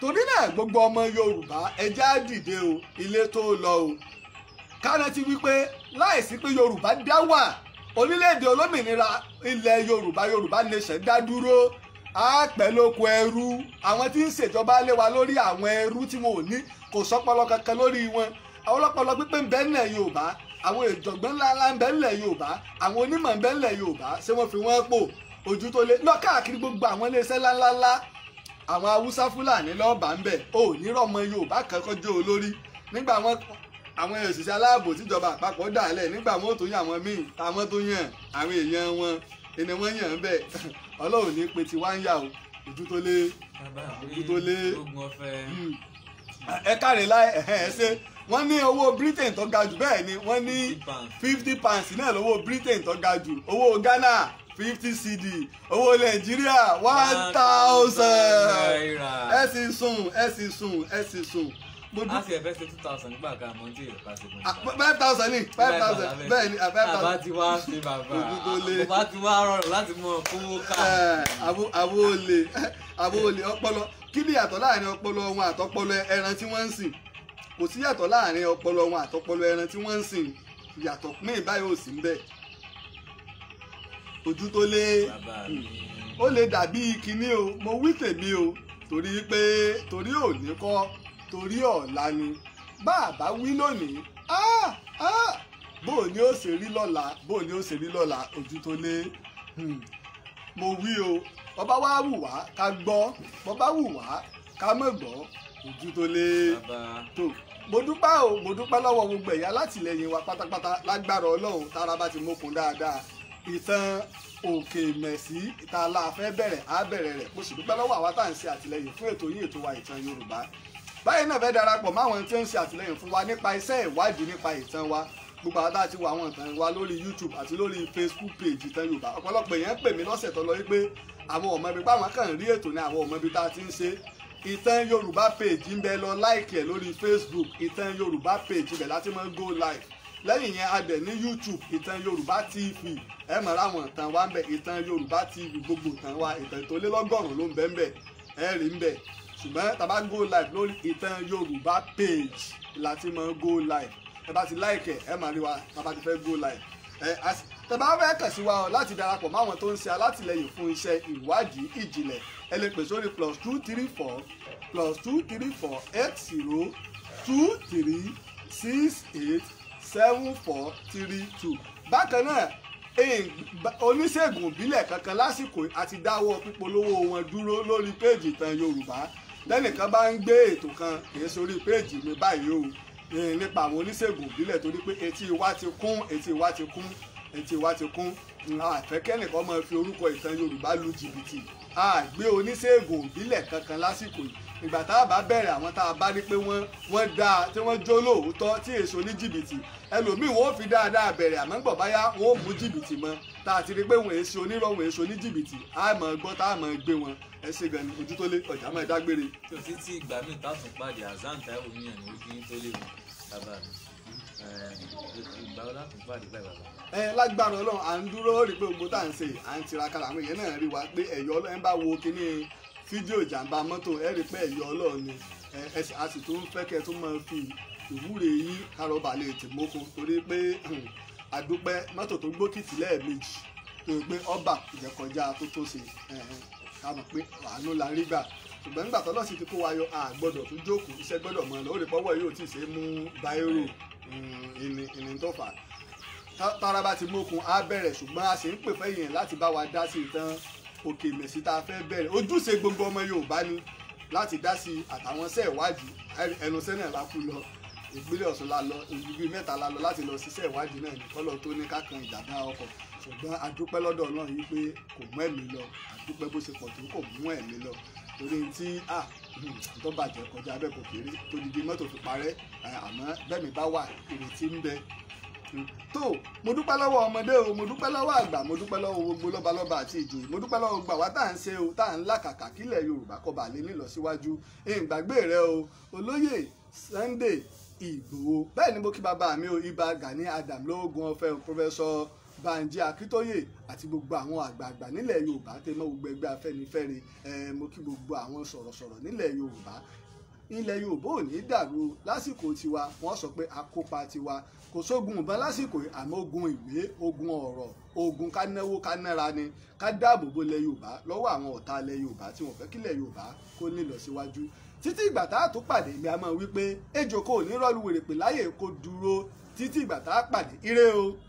torí náà gbogbo ọmọ Yorùbá ẹjẹ́ á dìde o ilé tó lọ o kánà ti wí pé láìsí pé Yorùbá dá wà orílẹ̀-èdè olómìnira ilẹ̀ Yorùbá Yorùbá nation dá dúró á pẹ́ lóko ẹrú àwọn tí ń ṣèjọba lé wa lórí àwọn ẹrú tí wọn ò ní kò sọ́pọlọ kankan lórí wọn àwọn ọlọ́pọlọ pípé ń bẹ nílẹ̀ Yorùbá àwọn ìjọ̀gbọ́n ńláńlá ń bẹ nílẹ̀ Yorùbá àwọn onímọ̀ ń bẹ nílẹ̀ Yorùbá ṣé wọ́n fi wọ́n pò ojú tó lé lọ́kàkiri gbogbo àwọn iléeṣẹ́ ńláńláńlá àwọn Haúsá Fúlàní lọ́ọ̀bà ń bẹ̀ ò ní rọmọ Yorùbá kankan jó olórí nígbà wọn àwọn òṣìṣẹ́ aláàbò tíjọba àpapọ̀ dà nígbà wọn ò tó yàn àwọn míì táwọn tó yàn àwọn èèyàn wọn ẹni wọ́n yàn ń bẹ̀ ọlọ́run ní pé tiwa ń yà o ojú tó lé ojú tó lé hmm. ẹ káre láì ẹ ṣe wọ́n ní owó Britain tó ga jù bẹ́ẹ̀ ni wọ́n ní fifty pounds náà lówó Britain tó ga jù owó Ghana fifty cd owó Nàìjíríà one thousand ẹ sì sùn ẹ sì sùn ẹ sì sùn a sì ẹ̀fẹ́ ṣe two thousand nígbà kan àmọ́ tí èèyàn five thousand ni five thousand bẹ́ẹ̀ ni ah, five thousand. àbá ah, ti wá ṣe bàbá àbá ti wá rọrùn láti mọ kówó ká. àbó eh, olè àbó olè ọpọlọ kí ni yàtọ̀ láàrin ọpọlọ wọn àtọpọlọ ẹran tí wọ́n ń sìn kò sí yàtọ̀ láàrin ọpọlọ wọn àtọpọlọ ẹran tí wọ́n ń sìn yàtọ̀ pín báyìí ò sí ń bẹ̀ ojú tó lé hmm. ó lè dàbí kinní o mo wí tèmi o torí pé torí ò kọ́ torí ọ̀la ni bá a bá wí lónìí bó o ní ó ṣe rí lọ́la bó o ní ó ṣe rí lọ́la ojú tó lé hmm, mo wí o bọ́bá wá wù wá ká gbọ́ bọ́bá wù wá ká mọ̀ gbọ́ ojú tó lé tó mo dúpẹ́ o mo dúpẹ́ lọ́wọ́ gbogbo ẹ̀yà látìlẹ́yìn wa pátápátá lágbára ọlọ́run tára bá ti mókun dáadáa ìtàn òkè mẹ̀sí ìta la fẹ́ bẹ̀rẹ̀ á bẹ̀rẹ̀ rẹ̀ mo sì dúpẹ́ lọ́wọ́ àwa tá à ń ṣe àtìlẹ́yìn fún ètò yín ètò wa ìtàn yorùbá báyìí náà fẹ́ darapọ̀ máwọn tí ó ń ṣe àtìlẹyìn fún wa nípa iṣẹ́ ìwádìí nípa ìtàn wa gbogbo àwọn àti wo àwọn ìtàn wa lórí YouTube àti lórí Facebook page ìtàn Yorùbá ọ̀pọ̀lọpọ̀ èèyàn pè mí lọ́sẹ̀ tó lọ wípé àwọn ọmọ ibi báwọn kàn rí ètò ní àwọn ọmọ ibi tá a ti ń ṣe ìtàn Yorùbá page ń bẹ lọ láìkẹ̀ lórí Facebook ìtàn Yorùbá page ibẹ̀ láti máa ń go live lẹ́yìn yẹn a dẹ̀ ní YouTube ìtàn Yorùbá TV ẹ mọ̀ láwọn ìtàn wa ń bẹ ìtàn Yorùbá TV gbogbo ìtàn wa ìtàn tó lé lọ́gọ́rùn-ún ló ń bẹ ń bẹ ẹ rí ń bẹ ṣùgbọ́n tàbá go live lórí ìtàn yorùbá page láti mọ go live ẹ bá ti like ẹ ẹ máa rí wa tàbá ti fẹ́ go live ẹ tàbá fẹ́ kàn sí wa ọ láti darapọ̀ mọ́ àwọn tó ń ṣe alátìlẹyìn fún iṣẹ́ ìwádìí ìjìnlẹ̀ ẹ lè pè sórí plus two three four plus two three four eight zero two three six eight seven four three two bákan náà oníṣègùn ìbílẹ̀ kankan lásìkò àti dáwọ́ pípolówó wọn dúró lórí péèjì ìtàn yorùbá tẹ́nìkan bá ń gbé ètò kan kìí sórí péèjì mi báyìí o nípa àwọn oníṣègùn ìbílẹ̀ torí pé etí wa ti kún etí wa ti kún etí wa ti kún àfẹ́kẹ́nìkan máa fi orúkọ ìtàn Yorùbá lu jìbìtì a gbé oníṣègùn ìbílẹ̀ kankan lásìkò yìí ìgbà tá a bá bẹ̀rẹ̀ àwọn tá a bá rí pé wọ́n wọ́n dáa tí wọ́n jó lóòótọ́ tí èso ní jìbìtì ẹlòmíì wọ́n fi dáadáa bẹ̀rẹ̀ àmọ́ gbọ̀ báyá wọ́n mú jìbìtì mọ́ tá a ti rí pé wọ́n èso onírọ̀ wọ́n èso ní jìbìtì á mọ̀ gbọ́ tá a mọ̀ gbé wọn ẹ ṣe gan ni ojú tó lé ọjà máa dágbére. tí o ti ti ìgbà mi táàtún pàdé azan taiwo mi ẹ̀ ní ojú tó lé wọn bàbá mi ìgbà wo láti pàdé báyìí bàbá. ẹ lágbára Ọlọ́run à ń dúró rí pé gbogbo tá à ń ṣe à ń tiraka làwọn èèyàn náà rí wa pé ẹyọ Ọlọ́run bá wo kíní fídíò ìjàmbá mọ́tò ẹ rí pé ẹyọ Ọlọ́run ni ẹ a sì tún fẹ́ kẹ́ tún máa fi ìwúre yín kárọ̀bà lè tì torí pé àdúpẹ́ hmm, mọ́tò tó gbókìtì lẹ́ẹ̀mejì tó gbé ọba ìjẹkọjá tó tó ṣe ká pé àánú la rí gbà ṣùgbọ́n nígbà tọ́lọ́ sì ti kó wa àgbọ̀dọ̀ tó jókòó iṣẹ́ gbọ́dọ̀ mọ́ lọ́wọ́ rẹ̀ pọ́wọ́ yóò tì í ṣe mú báírò hmm, ìní tó fà tára bá ti mókun á bẹ̀rẹ̀ ṣùgbọ́n a sì ń pè fẹ́ yẹn láti bá wa dá sí ìtàn òkè mẹ̀sí tá a fẹ́ bẹ̀rẹ̀ ojúṣe gbogbo ọmọ Yorùbá ni láti dá sí àtàwọn sẹ́ẹ̀wádìí ẹnu sẹ́nà lákú lọ ìpínlẹ̀ Ọ̀ṣun la lọ ìlú bíi mẹ́ta la lọ láti lọ ṣiṣẹ́ ìwádìí náà ní kọ́lọ́ tó ní kákan ìjàmbá ọkọ̀ ṣùgbọ́n adúpẹ́ lọ́dọ̀ náà yí pé kò mú ẹ̀mí lọ adúpẹ́ bó ṣe pọ̀ tó kò mú ẹ̀mí lọ torí tí à tó bàjẹ́ kọjá bẹ́ẹ̀ kò kéré tó di bí mọ́tò fi parẹ́ àmọ́ bẹ́ẹ̀mí bá wà ìrètí ń bẹ tó mo dúpẹ́ lọ́wọ́ ọmọdé o mo dúpẹ́ lọ́wọ́ àgbà mo dúpẹ́ lọ́wọ́ gbogbo lọ́balọ́ba àti ìjòyè mo dúpẹ́ lọ́wọ́ gbà wá tá à ń ṣe o tá à ń làkàkà kílẹ̀ Yorùbá kọba lé nílọsíwájú ìgbàgbé rẹ o olóyè Sunday Ìgbòho bẹ́ẹ̀ ni mo kí bàbá mi o ibà Gani Adam lóògùn ọ̀fẹ́ pọfẹ́sọ Banji Akíntóyè àti gbogbo àwọn àgbààgbà nílẹ̀ Yorùbá tẹ mọ́ gbogbo ẹgbẹ́ Afẹ́nifẹ́re ẹ mo kí gbogbo àwọn sọ̀rọ̀sọ̀rọ̀ nílẹ̀ Yorùbá ilẹ̀ Yorùbá ò ní dàrú lásìkò tiwa wọ́n sọ pé akópa tiwa kò sógun ìbọn lásìkò àmọ́ ogun ìwé ogun ọ̀rọ̀ ogun ká náwó ká nára ni ká dáàbò bo ilẹ̀ Yorùbá lọ́wọ́ àwọn ọ̀tá ilẹ̀ Yorùbá tí wọ́n fẹ́ kílẹ̀ Yorùbá kó nílọsíwájú títí ìgbà tá a tó pàdé mi a máa wí pé ejò kò ní rọ́ọ̀lù wèrèpè láyè kó dúró títí ìgbà tá a pàdé ire o.